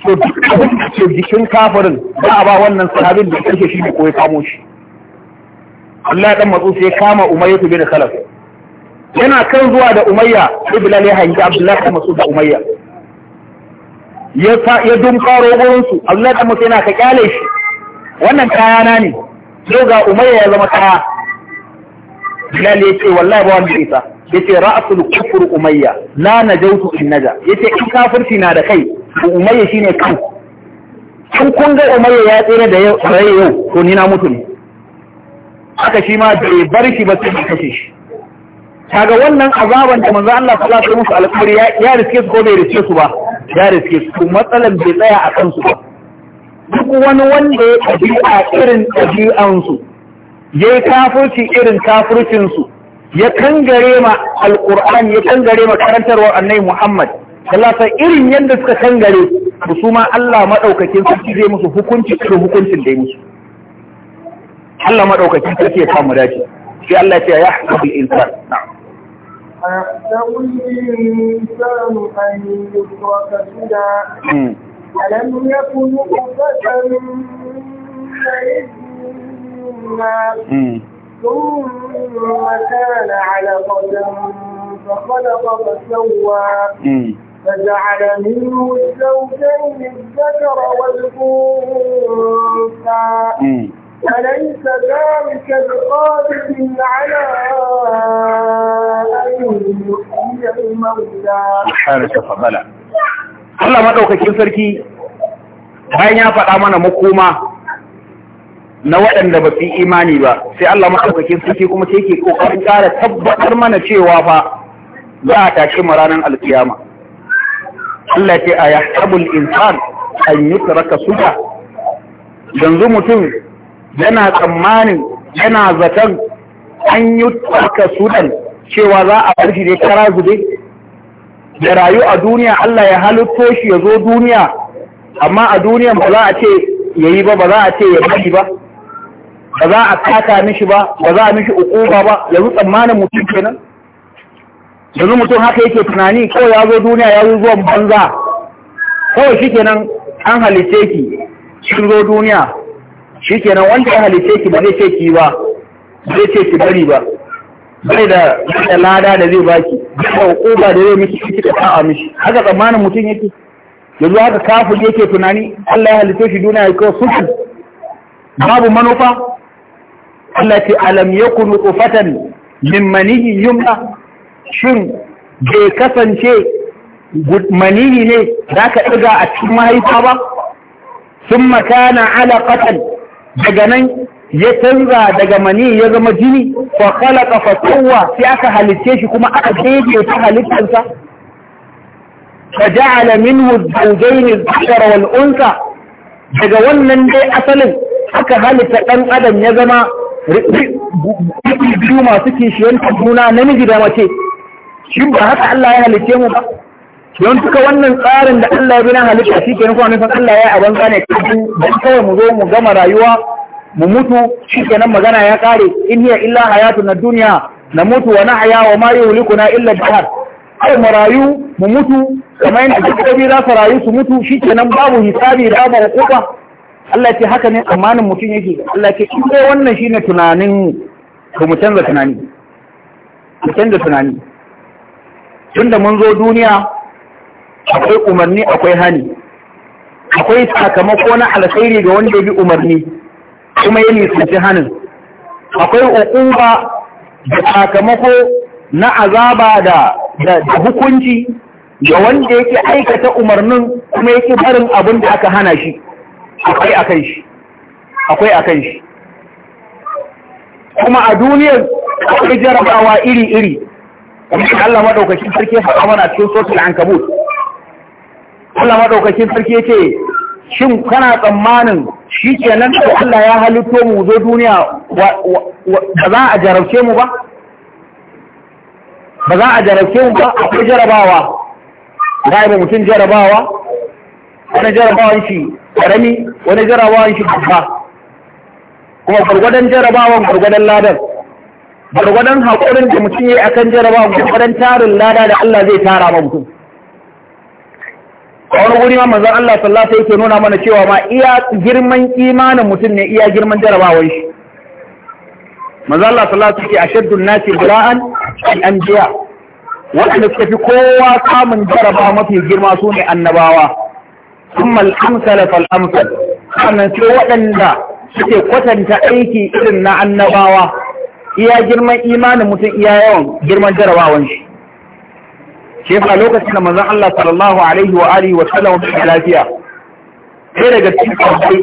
to duk abin da ke jikin kafirin ba a ba wannan sahabin da kashe shi ko ya kamo shi Allah ɗan matsu sai kama Umar ya Umayyah bin Khalaf yana kan zuwa da umayya sai bilal ya hangi abdullahi da masu da umayya ya dumfaro gurinsu abdullahi da masu yana ka kyale shi wannan kayana ne yau ga umayya ya zama kaya bilal ya ce wallahi ba wani isa ya ce ra'asul kufur umayya la najautu in naja ya ce in kafirci na da kai umayya shine kan kun kun ga umayya ya tsere da yau yau to ni na mutu ne aka shi ma bai bar shi ba sai kashe shi kaga wannan azaban da manzo Allah sallallahu alaihi wasallam alƙawari ya riske su ko bai riske su ba ya riske su matsalan bai tsaya a kansu ba duk wani wanda ya a irin ɗabi'ansu ya yi kafirci irin su ya kangare ma alƙur'ani ya kangare ma karantarwar annai muhammad sallasa irin yadda suka kangare su ma Allah maɗaukakin sarki zai musu hukunci irin hukuncin da ya musu Allah maɗaukakin sarki ya kama dace sai Allah ya ce ya haɗu bil na'am أيحسب الإنسان أن يترك سدى ألم يكن نطفة من ماء ثم كان علقة فخلق فسوى فجعل منه الزوجين الذكر والأنثى أليس ذلك القادر على أن Allah maɗaukakin sarki bayan ya faɗa mana makoma na waɗanda ba su imani ba sai Allah maɗaukakin sarki kuma sai ke ƙoƙarin ƙara tabbatar mana cewa fa za a tashi mu ranar alkiyama Allah ce a yahtabul insan an yutraka suka yanzu mutum yana tsammanin yana zaton an yi tsarka sudan cewa za a bar shi dai kara zube da rayu a duniya Allah ya halitto shi ya zo duniya amma a duniya ba za a ce ya yi ba ba za a ce ya bari ba ba za a taka mishi ba ba za a mishi ukuba ba yanzu tsammanin mutum kenan yanzu mutum haka yake tunani kawai ya zo duniya ya zo zuwan banza kawai shi kenan an halitteki, ki shi zo duniya shikenan wanda ya halice ki ba zai ce ki ba zai ce ki bari ba bai da da lada da zai baki da hukuma da zai miki kika a mishi haka tsammanin mutum yake yanzu haka kafin yake tunani Allah ya halice shi duniya kawo sufi babu manufa Allah ce alam yakun nutfatan min manihi yumna shin bai kasance manihi ne za ka ɗaga a cikin mahaifa ba sun makana alaƙatan daga nan ya canza daga mani ya zama jini fa khalaqa fa sai aka halitte shi kuma aka daidai ta halittarsa fa ja'ala minhu zawjayn adh-dhakara wal unsa daga wannan dai asalin aka halitta dan adam ya zama biyu masu kishiyar juna namiji da mace shi ba haka Allah ya halitte mu ba don duka wannan tsarin da Allah ya bi na halitta shi kenan kuma nufin Allah ya yi a abin kane kafin don kawai mu zo mu gama rayuwa mu mutu shi kenan magana ya kare in hiya illa hayatu na duniya na mutu wa nahya wa ma yi huliku na illa jihar. ai mu rayu mu mutu kamar yadda dabbobi za su rayu su mutu shi kenan babu hisabi da babu hukuma Allah ce haka ne amanin mutum yake Allah ce in dai wannan shi ne tunanin ko mu canza tunani mu canza tunani tunda mun zo duniya akwai umarni akwai hani akwai sakamako na alkhairi ga wanda bi umarni kuma ya nisanci hanin akwai uquba da sakamako na azaba da hukunci ga wanda yake aikata umarnin kuma yake barin abin da aka hana shi akwai akan shi akwai akan shi kuma a duniyar akwai jarabawa iri-iri Allah maɗaukacin sarki ya haɗa mana cikin sosul ankabut Allah maɗaukakin sarki ce shin kana tsammanin shi ke nan da Allah ya halitto mu zo duniya ba za a jarabce mu ba ba za a jarabce mu ba akwai jarabawa za a yi mutum jarabawa wani jarabawan shi karami wani jarabawan shi babba kuma gwargwadon jarabawan gwargwadon ladar gwargwadon haƙurin da mutum ya yi akan jarabawan gwargwadon tarin lada da Allah zai tara ma mutum a wani guri ma manzon Allah sallallahu alaihi yake nuna mana cewa ma iya girman imanin mutum ne iya girman jarabawar shi manzon Allah sallallahu alaihi yake ashaddu nasi bala'an al anbiya wanda suka fi kowa samun jaraba mafi girma su ne annabawa thumma al amsal fal amsal sannan sai waɗanda suke kwatanta aiki irin na annabawa iya girman imanin mutum iya yawan girman jarabawar shi shi fa lokacin da manzon Allah sallallahu alaihi wa alihi wa sallam bai lafiya sai daga cikin sahabbai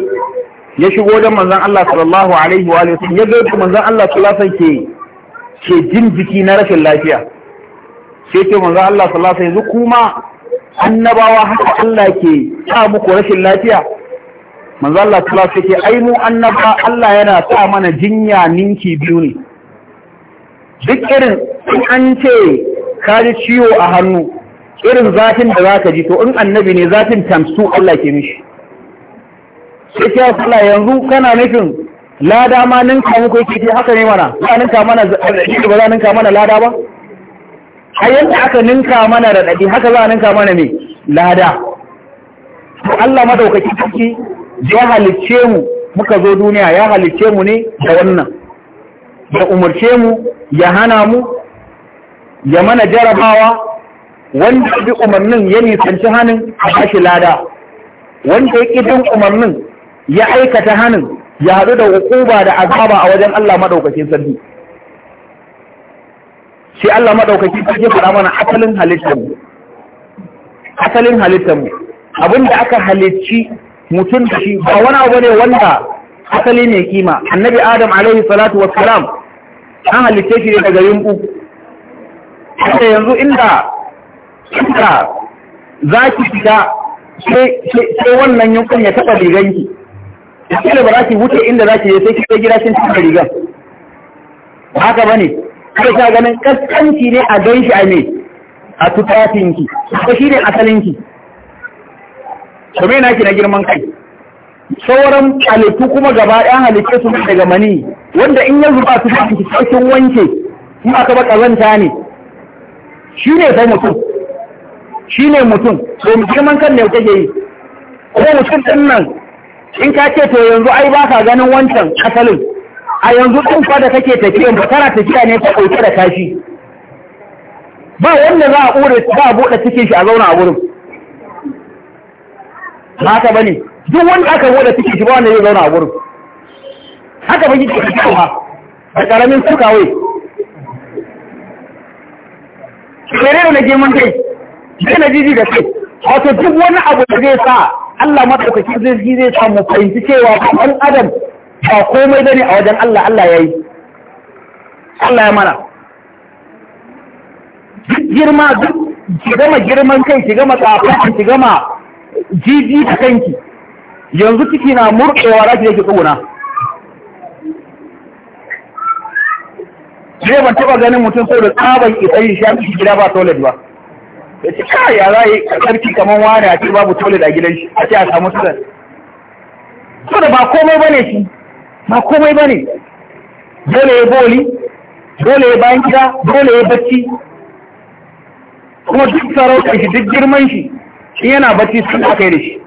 ya shigo don manzon Allah sallallahu alaihi wa alihi wasallam ya ga manzon Allah sallallahu alaihi ke ke jin jiki na rashin lafiya sai ce manzon Allah sallallahu alaihi yanzu kuma annabawa haka Allah ke sa muku rashin lafiya manzo Allah ta lafi ke ai mu annaba Allah yana sa mana jinya ninki biyu ne duk irin in an ce ka ji ciwo a hannu irin zafin da za ka ji to in annabi ne zafin tamsu Allah ke mishi sai ke Allah yanzu kana nufin lada ma ninka muku yake ce haka ne mana ba ninka mana raɗaɗi ba za ninka mana lada ba a yadda aka ninka mana raɗaɗi haka za ninka mana me lada to Allah madaukaki ciki ya halicce mu muka zo duniya ya halicce mu ne da wannan ya umarce mu ya hana mu ya mana jarabawa wanda ya bi umarnin ya nisanci hannun a bashi lada wanda ya ƙidin umarnin ya aikata hannun ya haɗu da hukuba da azaba a wajen Allah maɗaukakin sarki shi Allah ta sarki faɗa mana asalin halittar mu asalin halittar mu abinda aka halicci mutum da shi ba wani abu ne wanda asali ne kima annabi adam alaihi salatu wassalam an halicce shi ne daga uku kada yanzu inda inda za ki fita sai wannan yankun ya taɓa riganki da ba za ki wuce inda za ki yi sai kika gida kin taɓa rigan ba haka ba ne kada ka ganin kaskanci ne a gan shi a ne a tufafinki ko shi ne asalinki to me naki na girman kai sauran halittu kuma gaba ɗan halittu su daga mani wanda in yanzu ba su ba su cikin wanke in aka ba ƙazanta ne shi ne fa mutum shi ne mutum to girman kan ne kake yi ko mutum din nan in ka ce to yanzu ai ba ka ganin wancan asalin a yanzu din fa da kake tafiya ba tara tafiya ne ka ɗauke da kashi ba wanda za a ƙure ba a buɗe cikin shi a zauna a gurin haka ba ne duk wanda aka buɗe cikin shi ba wanda zai zauna a gurin. haka ba kike kike ba da ƙaramin suka wai kare da nake mun kai sai na jiji da kai wato duk wani abu da zai sa Allah madaukakin zai zai samu mu fahimci cewa ɗan adam ba komai bane a wajen Allah Allah yayi Allah ya mana girma duk ki gama girman kai ki gama tsafin ki gama jiji da kanki yanzu kiki na murƙewa zaki yake tsuguna ne ban taba ganin mutum saboda tsaban isayin shi ya mishi gida ba toilet ba ya ce ka ya zai sarki kamar wani a ce babu toilet a gidan shi a ce a samu sudan so da ba komai bane shi ba komai bane dole ya boli dole ya bayan gida dole ya bacci kuma duk sarautar shi duk girman shi shi yana bacci sun aka yi da shi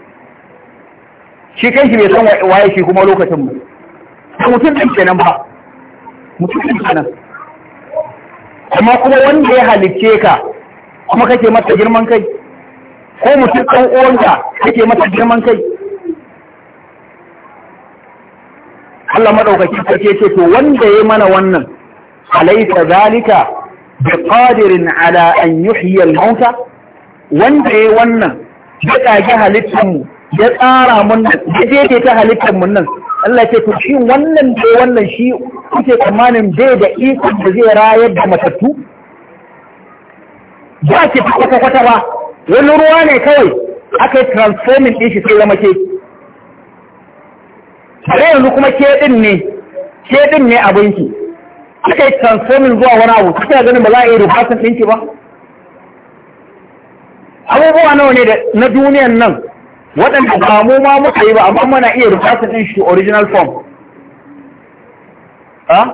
shi kan shi bai san waye shi kuma lokacin mu mutum ɗin kenan ba mutum ɗin kenan amma kuma wanda ya halicce ka kuma kake masa girman kai ko mutum ɗan uwanka kake masa girman kai Allah madaukaki sarki ce to wanda ya mana wannan alaita zalika bi qadirin ala an yuhyi al-mauta wanda ya wannan ya kage halittar mu ya tsara mun ya daidaita halittar mun nan Allah ce to shi wannan da wannan shi kuke tsammanin bai da iko da zai rayar da matattu ba ke kwata kwata ba wani ruwa ne kawai aka yi transforming ɗin shi sai zama ke a yanzu kuma ke ɗin ne ke ɗin ne abinci. aka yi transforming zuwa wani abu kuka ganin ba za a yi rubasan ɗinki ba abubuwa nawa ne na duniyan nan waɗanda ba mu ma muka yi ba amma muna iya rufasin ɗin shi original form ha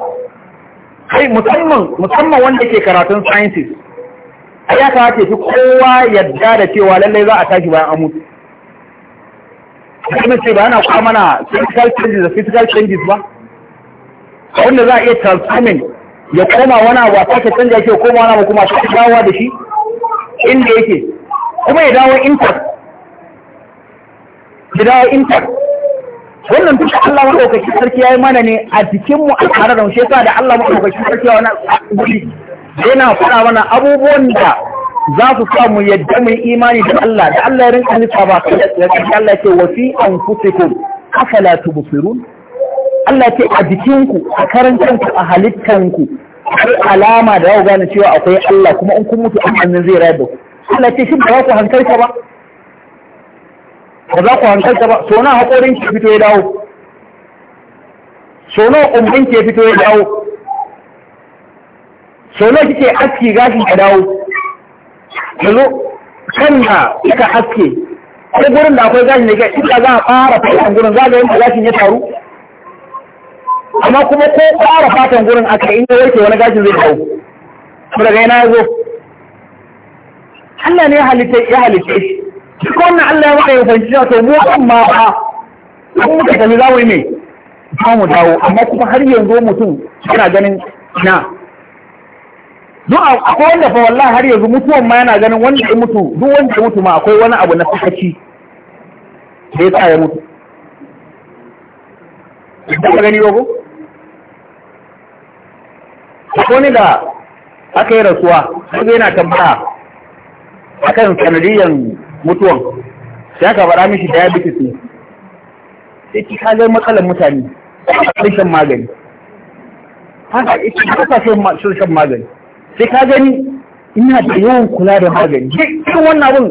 kai musamman musamman wanda ke karatun sciences a ya ta fi kowa yadda da cewa lallai za a tashi bayan amutu kuma ce ba yana kwa mana physical changes da physical changes ba wanda za a iya transforming ya koma wani abu a sake canja shi ya koma wani abu kuma a sake dawowa da shi inda yake kuma ya dawo intact gida intar wannan duka Allah madaukakin sarki yayi mana ne a jikin mu a tare da shi da Allah madaukakin sarki ya wannan yana faɗa mana abubuwan da za su sa mu yadda mu imani da Allah da Allah ya rinka nufa ba ka da Allah ce wa fi anfusikum tu tubsirun Allah ce a jikinku a karantanku a halittanku akwai alama da yau gane cewa akwai Allah kuma in kun mutu an hannun zai rayar da ku Allah ce shi ba ku hankalta ba ba za ku hankalta ba so na haƙorin ke fito ya dawo so na ƙumbin ke fito ya dawo so na kike aski gashi ka dawo yanzu kan na ika aske ko gurin da akwai gashin da ke ita za a fara fatan gurin za ga yadda gashin ya taru amma kuma ko fara fatan gurin aka in ya yake wani gashin zai dawo kuma daga yana ya zo Allah ne ya halitta shi shi ko wannan Allah ya maka ya fahimci to mu kan ma ba kun muka tafi za mu yi ne za mu dawo amma kuma har yanzu mutum yana ganin na duk akwai wanda fa wallahi har yanzu mutuwan ma yana ganin wanda ya mutu duk wanda ya mutu ma akwai wani abu na sakaci da ya sa ya mutu da gani yogo Ko ni da aka yi rasuwa sai yana tambaya akan sanadiyan mutuwan sai aka fara mishi diabetes ne sai ki kagar matsalar mutane a shan magani haka ita kasa shan magani sai ka gani ina da yawan kula da magani irin wannan abun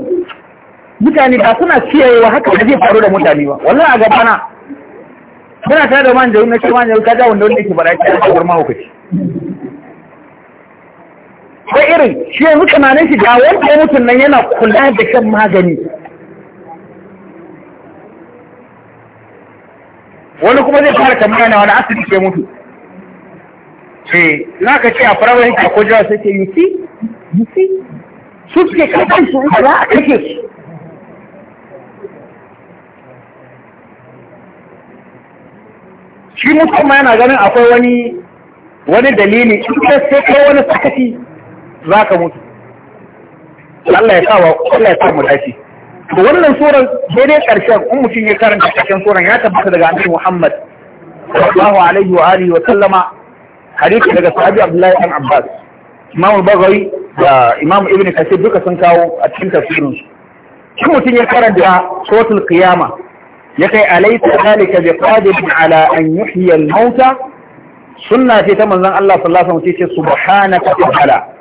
mutane ba suna ciyewa haka da zai faru da mutane ba wannan a gaba na kana tare da manjaru na shi manjaru ka ga wanda wanda yake bara ki a cikin mahaukaci ko irin shi yanzu tunanin shi ga wanda mutum nan yana kula da shan magani wani kuma zai fara kamar yana wani asibiti ya mutu ce na ka ce a firamare ka ko jawa sai ce yusi see su suke kasan su za a kake su shi mutum ma yana ganin akwai wani wani dalili in sai kai wani sakati za ka mutu Allah ya kawo Allah ya sa mu dace to wannan suran daidai karshen in mutum ya karanta karshen suran ya tabbata daga annabi Muhammad sallallahu alaihi wa alihi wa sallama hadisi daga sahabi Abdullahi ibn Abbas Imam Bukhari da Imam Ibn Kathir duka sun kawo a cikin tafsirin su shi mutum ya karanta suratul qiyama ya kai alaysa zalika biqadirin ala an yuhyiya al-mauta sunna ce ta manzon Allah sallallahu alaihi wa sallam ce subhanaka ta'ala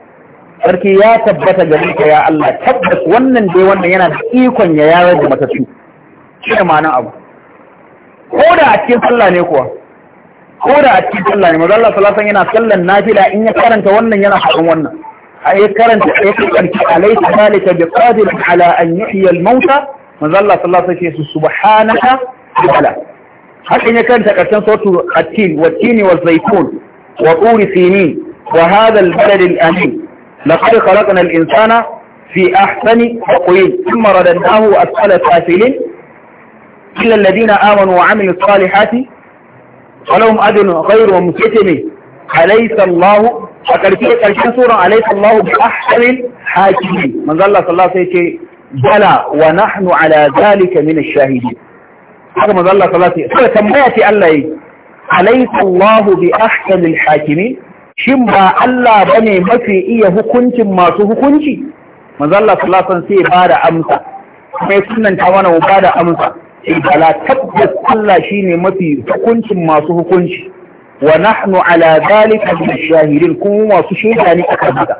sarki ya tabbata gare ka ya Allah tabbas wannan dai wannan yana da ikon ya yawar da matattu shi ne ma'anar abu ko da a cikin sallah ne kuwa ko da a cikin sallah ne maza Allah sallallahu yana sallan nafila in ya karanta wannan yana faɗin wannan a ya karanta ya karanta alaysa zalika bi qadir ala an yuhyi al mauta maza Allah sallallahu alaihi su subhanaka ta'ala hakan ya karanta karshen sautu at-tin wa tini wa zaitun wa turi sinin wa hadha al-balad al-amin لقد خلقنا الإنسان في أحسن تقويم ثم رددناه أسفل سافلين إلا الذين آمنوا وعملوا الصالحات فلهم أجر غير مكتم أليس الله فكرتي كرشان سورة أليس الله بأحسن الحاكمين من قال الله صلى الله عليه وسلم بلى ونحن على ذلك من الشاهدين هذا من قال الله صلى الله عليه وسلم سورة تنبيتي الله أليس الله بأحسن الحاكمين shin ba Allah ba ne mafi iya hukuncin masu hukunci manzalla salasan sai ba da amsa mai sunan ta mana ba da amsa bala tabbas Allah shine mafi hukuncin masu hukunci wa nahnu ala zalika shahidin kuma masu shaida ne akan haka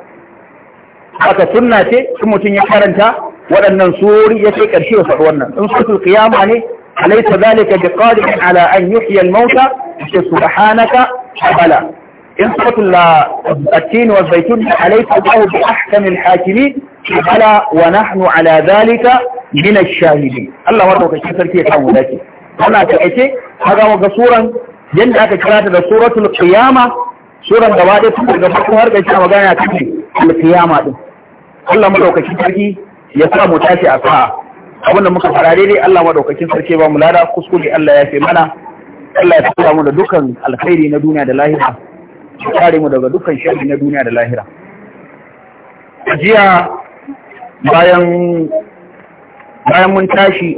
haka sunna ce mutum ya karanta waɗannan surori ya kai ƙarshe ya faɗi wannan in sun qiyama ne alaysa zalika biqadirin ala an yuhya al-mauta subhanaka bala in suratul attin wa zaitun alayka Allahu bi ahkamil hakimin bala wa nahnu ala dhalika min ash Allah wa daukakin sarki ya kawo dace wannan ta ake kaga ga suran yanda aka kira ta da suratul qiyama suran gaba da tun daga farko har ƙarshe magana ta ce al-qiyama din Allah madaukakin sarki ya sa mu tashi a sa'a abin da muka fara daidai Allah madaukakin sarki ba mu lada kuskure Allah ya fi mana Allah ya tsara mu da dukkan alkhairi na duniya da lahira ya kare mu daga dukkan sharri na duniya da lahira jiya bayan mun tashi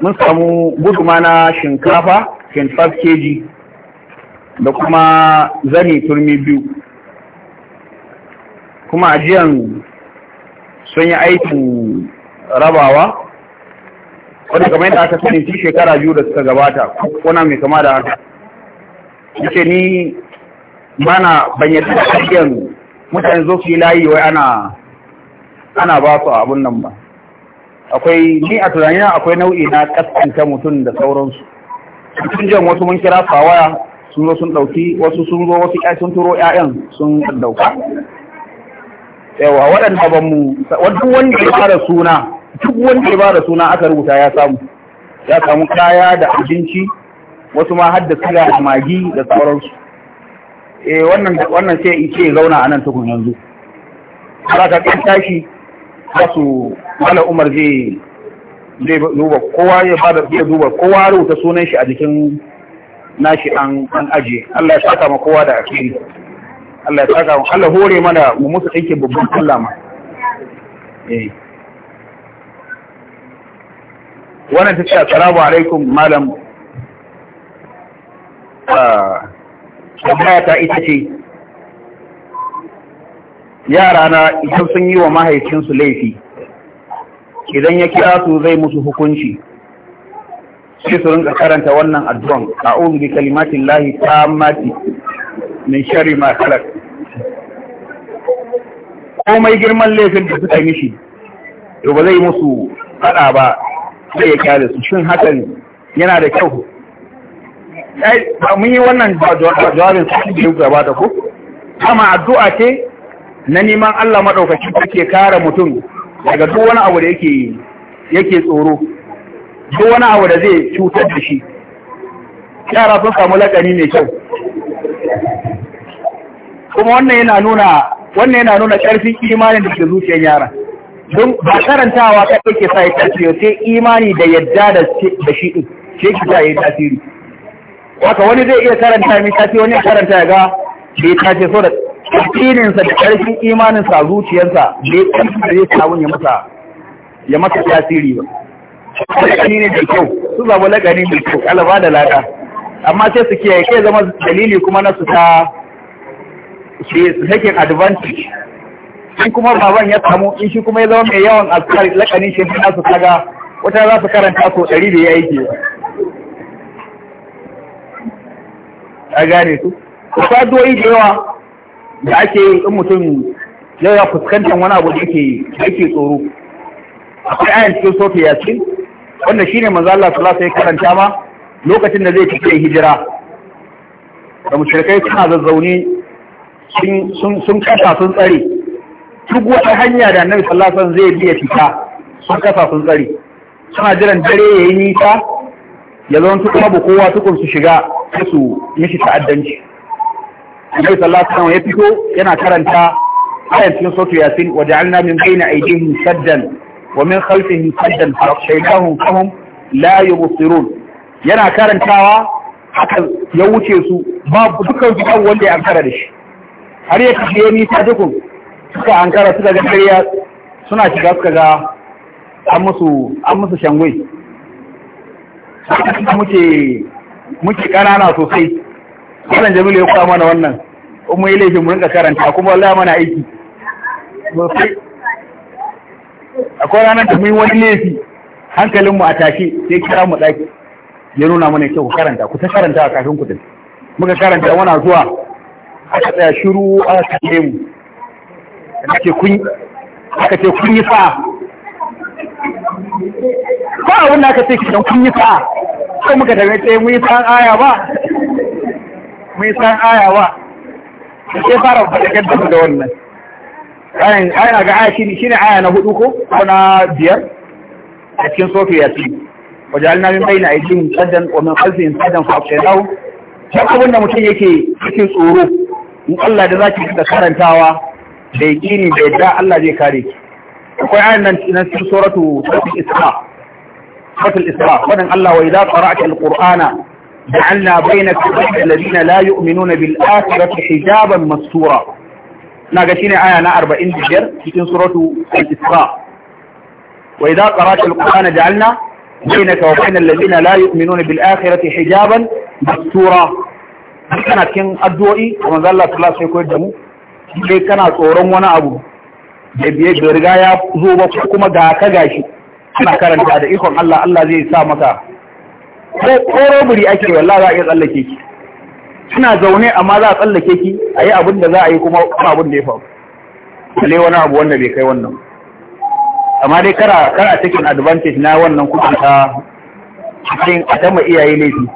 mun samu guduma na shinkafa 25 kg da kuma zane turmi biyu kuma ajiyan sun yi aikin rabawa wadda kamar yadda aka sani tun shekara biyu da suka gabata kuna mai kama da haka yake ni bana ban yadda da hakiyan mutane zo fi layi wai ana ana ba su abun nan ba akwai ni a tunanina akwai nau'i na kaskanta mutum da sauransu sun jan wasu mun kira su sun zo sun dauki wasu sun zo wasu ya sun turo ƴaƴan sun ɗauka yawa waɗanda ba mu duk wanda ya bada suna duk wanda ya bada suna aka rubuta ya samu ya samu kaya da abinci wasu ma hadda da siga da magi da sauransu eh wannan sai in ce zauna a nan tukun yanzu ba ka kan tashi ba su mala umar zai duba kowa ya da zai duba kowa rubuta sunan shi a jikin nashi an ajiye. Allah ya saka ma kowa da akiri Allah ya saka ma Allah hore mana mu musu aiki babban Allah ma eh wannan ta ce assalamu alaikum malam tambaya ta ita ce yara na idan sun yi wa mahaifinsu laifi idan ya kira su zai musu hukunci sai su rinka karanta wannan addu'an a'udhu bi kalimatin lahi mati min shari ma komai girman laifin da suka mishi to ba zai musu fada ba sai ya kyale su shin hakan yana da kyau mun yi wannan jawabin sun yi gaba da ku kama addu'a ce na neman Allah maɗaukaki take kare mutum daga duk wani abu da yake yake tsoro duk wani abu da zai cutar da shi yara sun samu lakani mai kyau kuma wannan yana nuna wannan yana nuna ƙarfin imanin da ke zuciyar yara don ba karantawa kai yake sa ya tafiyo sai imani da yadda da shi ɗin shi ke sa ya tasiri Waka wani zai iya karanta mai tafi wani karanta ya ga bai tafi so da ƙarfininsa da ƙarfin imaninsa a zuciyarsa bai ƙarfi da zai samun ya masa ya masa tasiri ba lakani ne da kyau su zaɓi lakani mai kyau ƙalaba da lada amma sai su kiyaye ke zama dalili kuma na su ta su taking advantage in kuma baban ya samu in shi kuma ya zama mai yawan alkar lakanin shi na su kaga wata za su karanta ko ɗari da ya yi ke a gane su akwai addu'o'i da yawa da ake yi in mutum yau ya fuskantar wani abu da yake tsoro akwai ayan cikin sofi ya ce? wanda shine ne Allah sallallahu alaihi karanta ma lokacin da zai ke hijira da mushrikai suna zazzauni sun sun kasa sun tsare duk wata hanya da nan sallallahu zai biya fita sun kasa sun tsare suna jiran dare yayi nisa ya zama su kuma kowa tukun su shiga sai su mishi ta'addanci Annabi sallallahu alaihi ya fito yana karanta ayat cikin sautu yasin wa ja'alna min bayna aydihim saddan wa min khalfihim saddan fa shaydahum fahum la yubsirun yana karantawa haka ya wuce su babu dukkan su kan wanda ya ankara da shi har ya kashe ya nisa dukun suka ankara suka ga ƙarya suna shiga suka ga an an musu shangwai muke muke ƙanana sosai wannan jamilu ya kwa mana wannan in mu yi laifin mu rinka karanta kuma wallahi mana aiki sosai akwai ranar da mun wani laifi hankalin mu a take sai kira mu daki ya nuna mana kyau ku karanta ku ta karanta a kafin ku tafi muka karanta wana zuwa aka tsaya shiru aka kalle mu aka ce kun yi fa ba a da aka ce don kun yi sa'a ko muka da ce mun yi san aya ba mun yi san aya ba sai fara fadakar da da wannan ayin ayin ga aya shine shine aya na hudu ko ko na biyar a cikin ya ce wajalna min baina aydihim saddan wa min khalfihim saddan fa afshaynahu Ya abin da mutum yake cikin tsoro in Allah da zaki da karantawa da ni da yadda Allah zai kare ki akwai ayan nan cikin suratu Isra suratul isra wadan Allah wa idza qara'ta alqur'ana ja'alna bainaka wa bainal ladina la yu'minuna bil akhirati hijaban mastura naga shine aya na 45 cikin suratu al-isra wa idza qara'ta alqur'ana ja'alna bainaka wa bainal ladina la yu'minuna bil akhirati hijaban mastura kana cikin addu'o'i manzo Allah sallallahu alaihi wasallam ya mu sai kana tsoron wani abu da biye riga ya zo ba kuma ga ka gashi ana karanta da ikon Allah Allah zai sa maka ko koroburi ake wallah za a iya tsallake ki suna zaune amma za a tsallake ki a yi abin da za a yi kuma abin da ya faru kale wani abu wanda bai kai wannan amma dai kara kara cikin advantage na wannan kudin ta cikin a tama iyaye laifi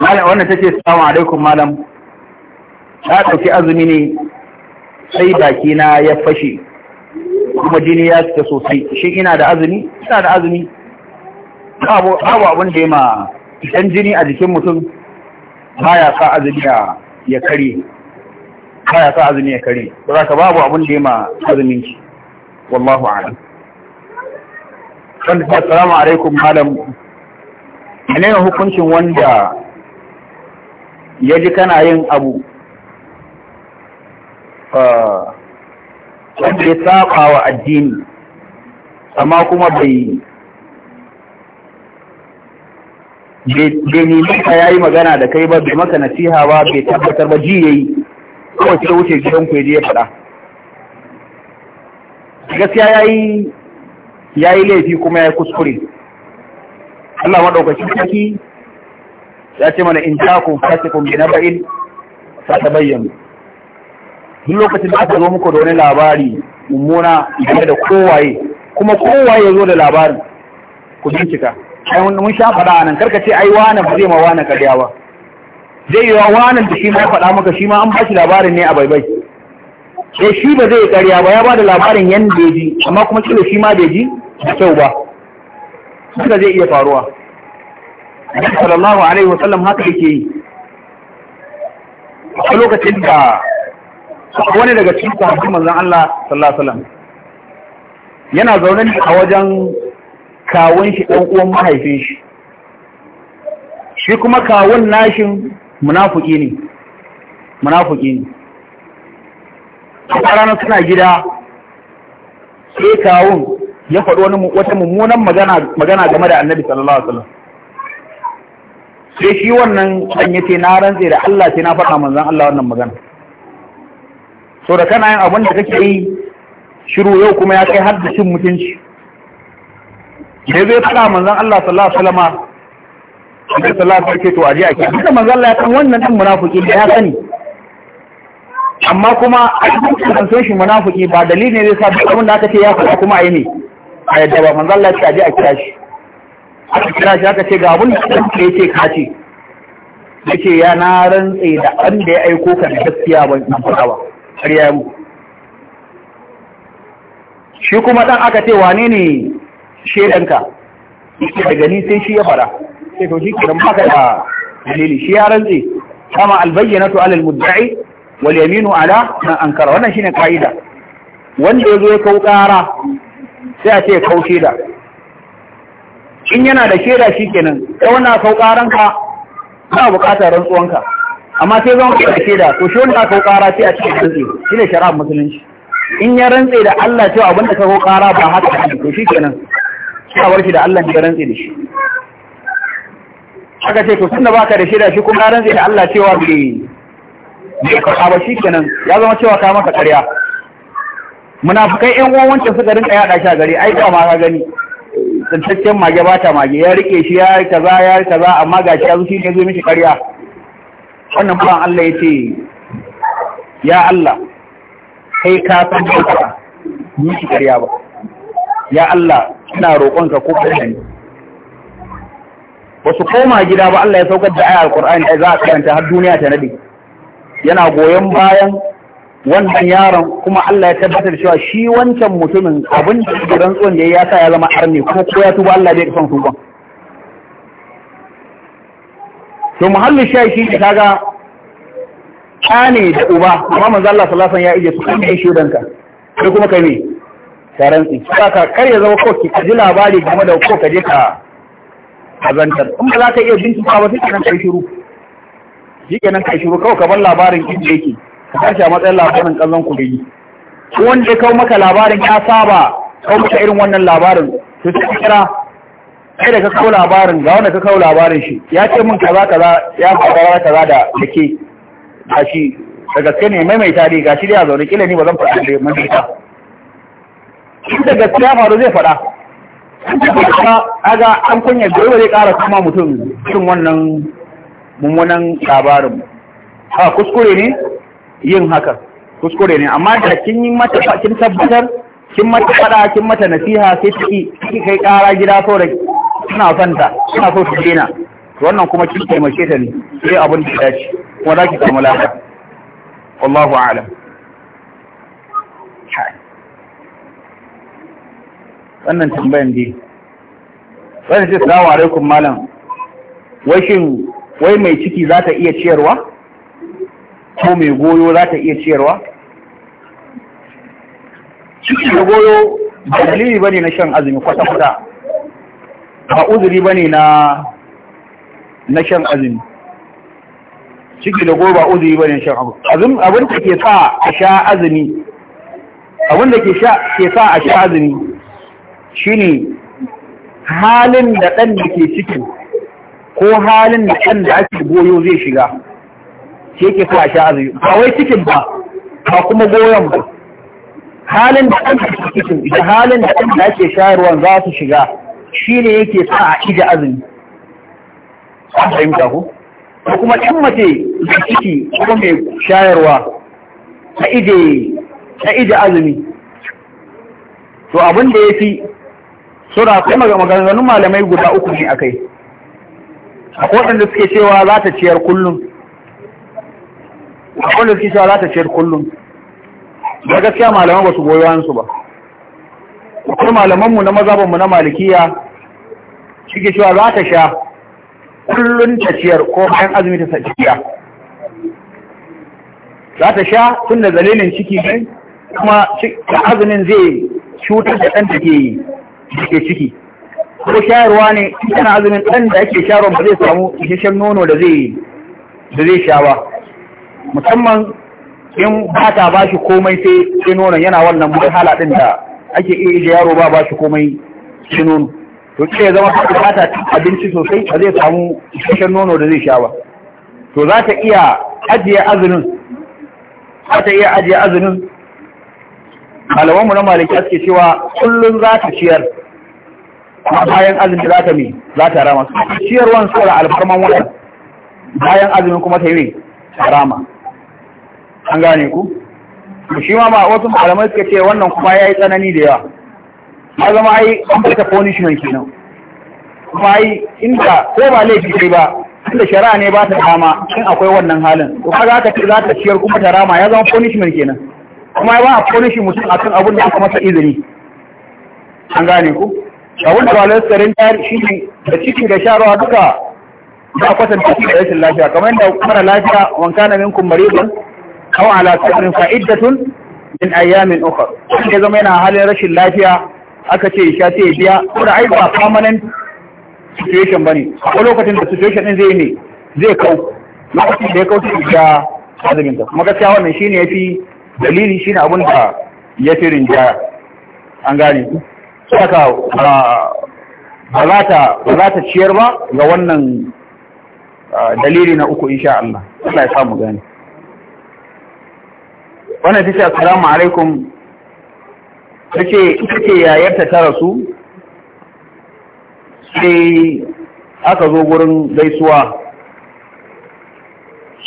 malam wannan tace assalamu alaikum malam ta dauki azumi ne sai baki na ya fashe kuma jini ya cika sosai shi ina da azumi ina da azumi babu abin da ya ma idan jini a jikin mutum baya sa azumi ya kare baya sa azumi ya kare za ka babu abin da ya ma azumin ki wallahu a'lam kan assalamu alaikum malam ne hukuncin wanda ya ji kana yin abu Uh, wanda ya saba wa addini amma kuma bai bai nemi ka yi magana da kai ba bai maka nasiha ba bai tabbatar ba ji yayi kawai sai wuce gidan ku je ya faɗa gaskiya ya yi laifi kuma ya yi kuskure Allah maɗaukaci sarki ya ce mana in ta takum fasiqun bi sa ta bayyana. duk lokacin da aka zo muku da wani labari mummuna game da kowaye kuma kowaye ya zo da labarin ku bincika ai mun sha faɗa nan karka ce ai wani ba zai ma wani karya ba zai yi wa wani da shi ma faɗa maka shi ma an ba shi labarin ne a baibai sai eh, shi ba zai karya ba ya ba da labarin yanda ya ji amma kuma kila shi ma bai ji da kyau ba Suka zai iya faruwa Annabi sallallahu alaihi wasallam haka yake yi a lokacin da wani daga cikin sahabban manzon Allah sallallahu alaihi wasallam yana zaune ne a wajen kawun shi dan uwan mahaifin shi shi kuma kawun nashin munafiki ne munafiki ne a ranar suna gida sai kawun ya faɗi wani wata mummunan magana game da annabi sallallahu alaihi wasallam sai shi wannan dan ce na rantse da Allah sai na faɗa manzon Allah wannan magana so da kana yin abin da kake yi shiru yau kuma ya kai har da cin mutunci da zai faɗa manzan Allah sallallahu alaihi wasallam Annabi sallallahu alaihi wasallam to aje ake duka manzon Allah ya san wannan din munafiki da ya sani amma kuma a cikin kansan shi munafiki ba dalili ne zai sa duk abin da aka ce ya faɗa kuma a yi ne a yadda ba manzan Allah ya ce aje a kira shi aka kira shi aka ce ga abin da kake ce ka ce yace ya na rantse da an da ya aiko ka da gaskiya ban faɗa ba ya mu shi kuma ɗan aka ce wane ne shedanka yake da gani sai shi ya fara sai to shi kiran baka da dalili shi ya rantse kama to alal mudda'i wal yaminu ala man ankara wannan shine kaida wanda yazo ya kau ƙara sai a ce kau sheda in yana da sheda shikenan sai wannan kau ƙaranka ba buƙatar rantsuwanka amma sai zama ka ce da ko shi wanda kawo kara sai a cikin rantsi shine shari'ar musulunci in ya rantse da Allah cewa abin da ka kara ba haka ne to shikenan bar shi da Allah ya rantse da shi Haka ce to tunda baka da shaida shi kuma rantse da Allah cewa bi bai ka ba shikenan ya zama cewa ka maka ƙarya munafikai ƴan uwan wancan suka rinka yaɗa shi a gari ai ba ma ka gani tsantaccen mage bata mage ya rike shi ya kaza ya kaza amma gashi ya zo shi ne zai miki ƙarya wannan ba Allah ya ce ya Allah kai ka san ba ni shi ƙarya ba ya Allah ina roƙonka ko kuma ne wasu koma gida ba Allah ya saukar da ayar Qur'ani ai za a karanta har duniya ta nade yana goyon bayan wannan yaron kuma Allah ya tabbatar cewa shi wancan mutumin abin da rantsuwan da ya sa ya zama arne kuma ko ya tuba Allah bai kasan tuban to muhallin shayi shi ne kaga ɗa ne da uba amma manzo Allah sallallahu alaihi ya iya su kan shi danka sai kuma kai ne taron tsi saka kar ya zama ko ki ji labari game da ko ka je ka azantar Kuma za ka iya bincika ba sai ka kai shiru shikenan kai shiru kawai ka bar labarin da yake ka tashi a matsayin labarin kallon ku dai wanda ya kawo maka labarin ya saba kawo maka irin wannan labarin to sai kira kai da ka kawo labarin ga wanda ka kawo labarin shi ya ce min kaza kaza ya faɗa kaza da yake gashi da gaske ne maimaita dai gashi dai a zaune kila ni ba zan faɗa da ta. shi da gaske ya faru zai faɗa aga an kunya dole zai ƙara kuma mutum cin wannan mummunan labarin ha kuskure ne yin haka kuskure ne amma da kin yi mata kin tabbatar kin mata faɗa kin mata nasiha sai ki kai ƙara gida saboda suna ta, suna so su dena wannan kuma kin taimake ta ne sai abin da ya dace kuma za ki samu lafiya wallahu a'lam wannan tambayan dai wani ce salamu alaikum malam wai shin wai mai ciki za ta iya ciyarwa ko mai goyo za ta iya ciyarwa ciki da goyo ba dalili bane na shan azumi kwata-kwata ba uzuri ba na na shan azumi ciki da goba uzuri na shan azumi abin da ke sa a sha azumi abin da ke sa a sha azumi shi ne halin da ɗan da ke cikin ko halin da ɗan da ake goyo zai shiga shi yake sa a sha azumi ba wai cikin ba ba kuma goyon ba halin da ɗan da ke cikin da halin da ɗan da ake shayarwa za su shiga shi ne yake sa a ija azumi a fahimta ko ko kuma ɗin mace da ciki kuma mai shayarwa ta ije azumi to abin da ya fi suna kai maganganun malamai guda uku ne a kodin da suke cewa za ta ciyar kullum kodin da suke cewa za ta ciyar kullum da gaskiya malamai ba su goyi wansu ba akwai malamanmu na mazabanmu na malikiya shige cewa za ta sha kullum ta ciyar ko bayan azumi ta ciyar za ta sha tun da zalilin ciki ne kuma da azumin zai cutar da ɗan take ciki ko shayarwa ne tana azumin ɗan da ake shayarwa ba zai samu isasshen nono da zai da zai sha ba musamman in ba ta ba shi komai sai nonon yana wannan hala ɗin da ake iya ije yaro ba ba shi komai shi nono to ce ya zama ta bata abinci sosai ba zai samu isasshen nono da zai sha ba to za ta iya ajiye azumin za ta iya ajiye azumin mu na maliki suke cewa kullum za ta ciyar bayan azumi za ta mi za ta rama ciyar su sura alfarman wannan bayan azumin kuma ta yi rama an gane ku shi ma ba wasu malamai suka ce wannan kuma ya yi tsanani da yawa ya zama ai an fita punishment kenan kuma ai inda ko ba laifi kai ba tunda shari'a ne ba ta dama in akwai wannan halin to za aka ce za ta ciyar kuma ta rama ya zama punishment kenan kuma ba a punish mutum akan abin da aka masa izini an gane ku abin da balai tsarin shi ne da ciki da sharawa duka za a kwatanta shi da rashin lafiya kamar yadda mara lafiya wankana minkum maridan kawo ala safrin fa'idatun iddatun min ukar. ukhra ya zama yana halin rashin lafiya aka ce ya ce biya ko da ai ba permanent situation bane ko lokacin da situation din zai ne zai kau lokacin da ya kau sai ga azumin ta kuma gaskiya wannan shine fi dalili shine abun da ya fi rinjaya an gane saka ba za ta ba za ta ciyar ba ga wannan dalili na uku insha Allah Allah ya samu gani wannan ta ce assalamu alaikum ta ce ita ce yayar ta rasu sai aka zo gurin gaisuwa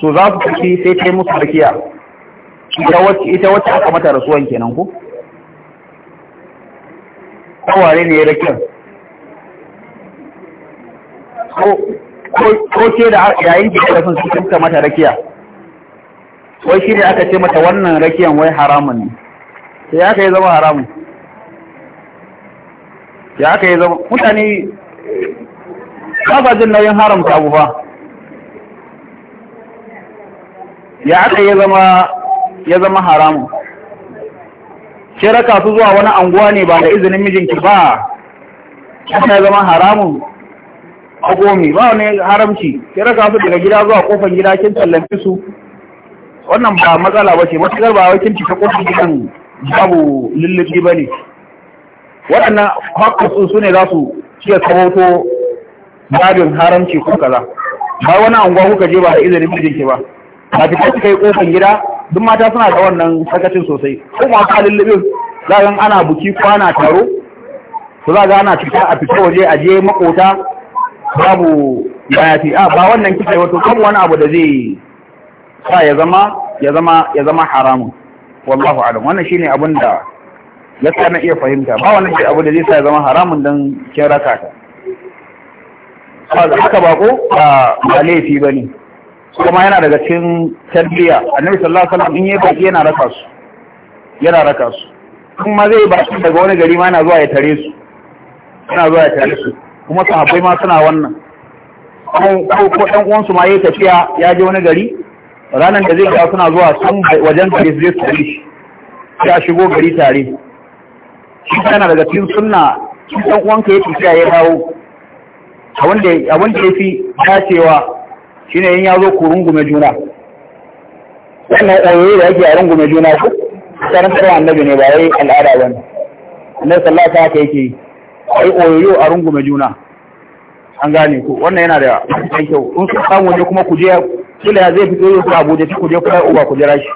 su za su kashi sai ta yi musu harkiya ita wacce aka mata rasuwan kenan ku? kaware ne ya rakiyar ko ce da yayin da ya sun suka mata rakiya wai shi ne aka ce mata wannan rakiyan wai haramun ne sai aka yi zama haramun ya aka yi zama mutane ba jin nauyin haramta abu ba ya aka yi zama ya zama haramun ke raka su zuwa wani anguwa ne ba da izinin mijinki ba aka yi zama haramun a gomi ba wani haramci ke raka su daga gida zuwa kofar gida kin tallafi su wannan ba matsala ba ce matuƙar ba wakin cika ƙofar gidan babu lullubi ba ne waɗannan haƙƙoƙin su ne za su ciye saboto babin haramci ko kaza ba wani anguwa kuka je ba da izinin mijinki ba ba fita kika yi ƙofar gida duk mata suna da wannan sakacin sosai ko masu lullubin za ga ana buki kwana taro su za ga ana fita a fita waje a je makota babu fi a ba wannan kika yi wato kan wani abu da zai sa ya zama ya zama ya zama haramun wallahu alam wannan shine abin da gaskiya na iya fahimta ba wannan shi abu da zai sa ya zama haramun dan kin raka ta haka ba ko ba ba laifi bane kuma yana daga cikin tarbiyya annabi sallallahu alaihi wasallam in yayi baki yana raka su yana raka su kuma zai baki daga wani gari ma yana zuwa ya tare su yana zuwa ya tare su kuma sahabbai ma suna wannan ko ko dan uwansu ma yayi tafiya ya je wani gari ranar da zai ga suna zuwa sun wajen gari zai su shi a shigo gari tare shi tana daga cikin sunna shi san uwanka ya tafiya ya dawo abin da ya fi dacewa shine yin ya zo ku rungume juna wannan ɗanyoyi da yake a rungume juna ku tsarin tsarin annabi ne ba ya yi al'ada ba ne annabi Sallata ta haka yake yi ai oyoyo a rungume juna an gane ku wannan yana da kyau in su samu ne kuma ku je kila zai fito yau ko abuja ta kuje kuma uba ku jira shi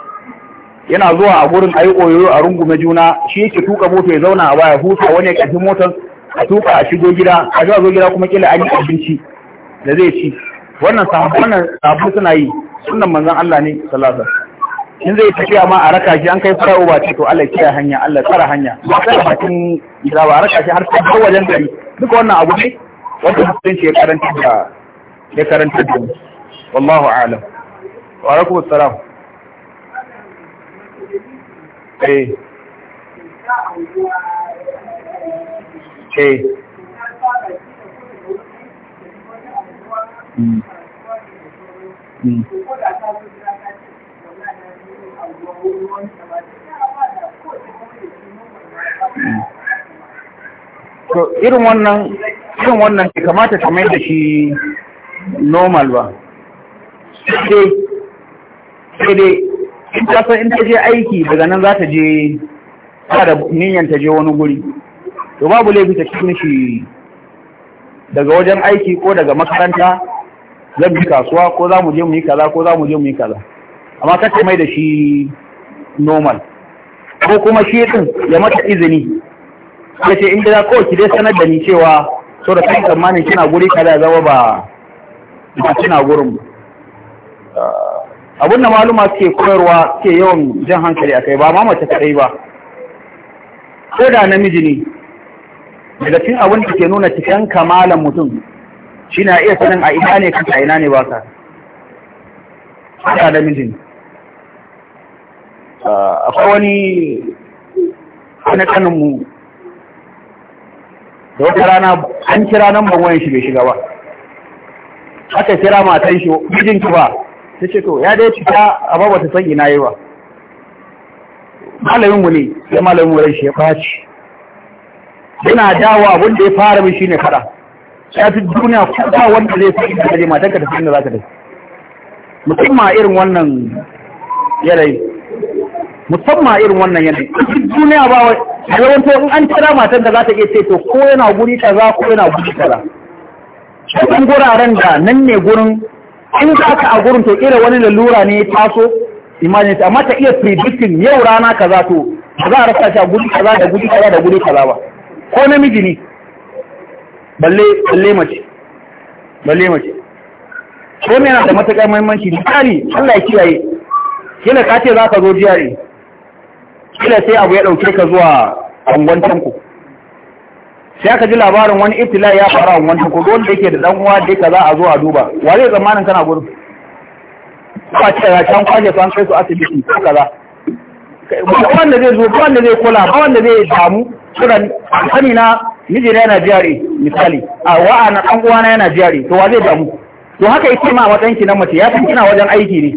yana zuwa a gurin ayi koyo a rungume juna shi yake tuka moto ya zauna a baya huta wani ya kafi motar a tuka a shigo gida a zuwa zo gida kuma kila an yi abinci da zai ci wannan sahabban suna yi sunan manzon Allah ne sallallahu in zai tafiya ma a raka shi an kai fara uba ce to Allah ya hanya Allah tsara hanya ba tsara bakin gida ba a raka shi har sai wajen gari duka wannan abu ne wanda musulunci ya karanta da ya karanta da والله a'lam وعليكم السلام ايه ايه eh, eh. Hmm. Hmm. Hmm. irin wannan irin wannan ke kamata ta mai da shi normal ba sai dai in ta san in ta je aiki daga nan za ta je ta da niyyar ta je wani guri to babu laifi ta ci mishi daga wajen aiki ko daga makaranta zan bi kasuwa ko za mu je mu yi kaza ko za mu je mu yi kaza amma kacce mai da shi normal ko kuma shi din ya mata izini ya ce inda za ko ki dai sanar da ni cewa so da kai tsammanin kina guri kaza zama ba ba kina gurin abin da maluma suke koyarwa suke yawan jan hankali a kai ba ma mace kaɗai ba ko da namiji ne daga cikin abin da ke nuna cikin kamalan mutum shi na iya sanin a ina ne kanta ina ne ba ka Ko da namiji ne akwai wani wani kaninmu da wata rana an kira nan ban wayan shi bai shiga ba aka kira matan shi mijinki ba ta ce to ya dai cika a ba ta san ina yi ba malamin mu ne sai malamin mu shi ya faci yana dawa wanda ya fara min ne kada ya fi duniya kuma wanda zai fi inda kaje matan ka tafi inda zaka tafi musamman irin wannan yanayi musamman irin wannan yanayi fi duniya ba wai a yawan to an tara matan da za ta iya ce to ko yana guri kaza ko yana guri kaza cikin guraren da nan ne gurin in za ka a gurin to irin wani lalura ne ya taso ta, amma ta iya predicting yau rana kaza to ba za a rasa shi a guri kaza da guri kaza da guri kaza ba ko namiji ne balle balle mace balle mace ko yana da matakar muhimmanci misali Allah ya kiyaye kila ka ce za ka zo jiya ne kila sai abu ya dauke ka zuwa angon tanku sai aka ji labarin wani itila ya faru a wani ko wanda yake da dan uwa dai kaza a zo a duba wa zai zamanin kana gudu ba ce ya can kwaje su an kai su asibiti ko kaza ba wanda zai zo ba wanda zai kula ba wanda zai damu kiran sani na miji na yana jari misali a wa'a na dan uwa na yana jari to wa zai damu to haka yake ma matsayin ki nan mace ya san kina wajen aiki ne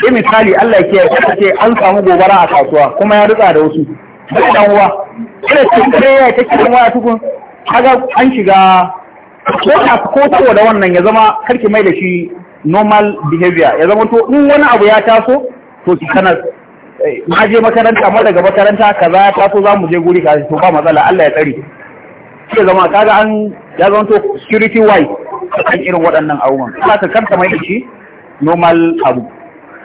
sai misali Allah ya kiyaye ce an samu gobara a kasuwa kuma ya rutsa da wasu da dan uwa kada su kare ya ta cikin waya tukun kaga an shiga ko ta ko da wannan ya zama karki mai da shi normal behavior ya zama to in wani abu ya taso to ki kana ma eh, je makaranta ma daga makaranta kaza ya taso za mu je guri ka to ba matsala Allah ya tsare ke zama kaga an ya zama to security wise kan irin waɗannan abubuwan kuma ka kanta mai da shi normal abu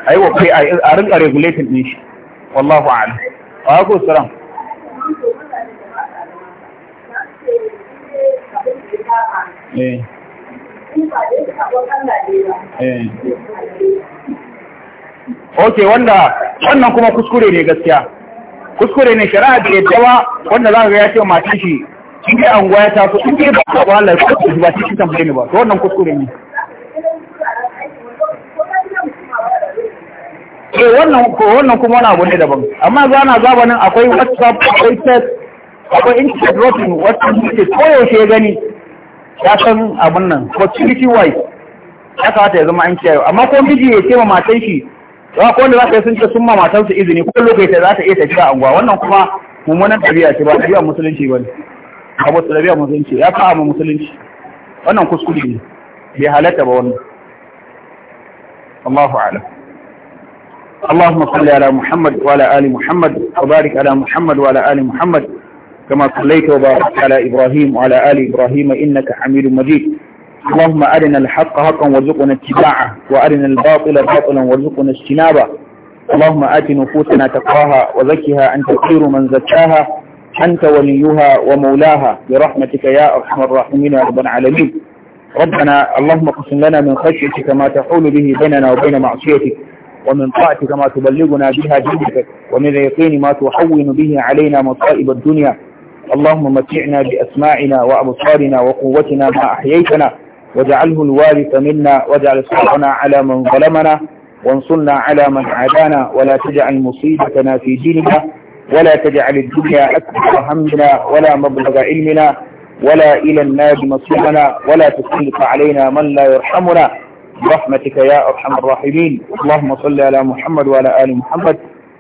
ayi wa kai a rinka regulating din shi wallahu a'lam wa ko eh. eh. ok wanda wannan kuma kuskure ne gaskiya kuskure ne shari'a da yaddawa wanda za ka ya ce matashi, shi in anguwa ya taso in dai ba ka ba Allah ya shi ba cikin ne ba to wannan kuskure ne eh wannan ko wannan kuma wani abu ne daban amma za zana nan akwai whatsapp akwai text akwai internet routing whatsapp ne ko yaushe gani ya san abun nan ko security wise ya kamata ya zama an kiyaye amma ko miji ya ce ma matan shi da ko wanda za ka yi sun ce sun ma matan su izini ko lokaci za ta iya tafiya anguwa wannan kuma mummunan tabiya ce ba tabiya musulunci bane abu tabiya musulunci ya kawo ma musulunci wannan kuskure ne bai halatta ba wannan Allahu a'lam اللهم صل على محمد وعلى آل محمد وبارك على محمد وعلى آل محمد كما صليت وباركت على إبراهيم وعلى آل إبراهيم إنك حميد مجيد اللهم أرنا الحق حقا وارزقنا اتباعه وأرنا الباطل باطلا وارزقنا اجتنابه اللهم آت نفوسنا تقواها وزكها أنت خير من زكاها أنت وليها ومولاها برحمتك يا أرحم الراحمين يا رب العالمين ربنا اللهم اقسم لنا من خشيتك ما تحول به بيننا وبين معصيتك ومن طاعتك ما تبلغنا بها جنتك ومن اليقين ما تحون به علينا مصائب الدنيا اللهم متعنا بأسماعنا وأبصارنا وقوتنا ما أحييتنا واجعله الوارث منا واجعل صحرنا على من ظلمنا وانصرنا على من عادانا ولا تجعل مصيبتنا في ديننا ولا تجعل الدنيا أكبر همنا ولا مبلغ علمنا ولا إلى النار مصيرنا ولا تسلط علينا من لا يرحمنا برحمتك يا أرحم الراحمين اللهم صل على محمد وعلى آل محمد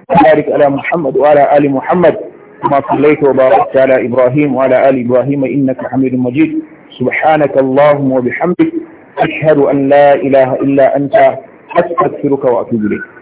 وبارك على محمد وعلى آل محمد كما صليت وباركت على إبراهيم وعلى آل إبراهيم إنك حميد مجيد سبحانك اللهم وبحمدك أشهد أن لا إله إلا أنت أستغفرك وأتوب إليك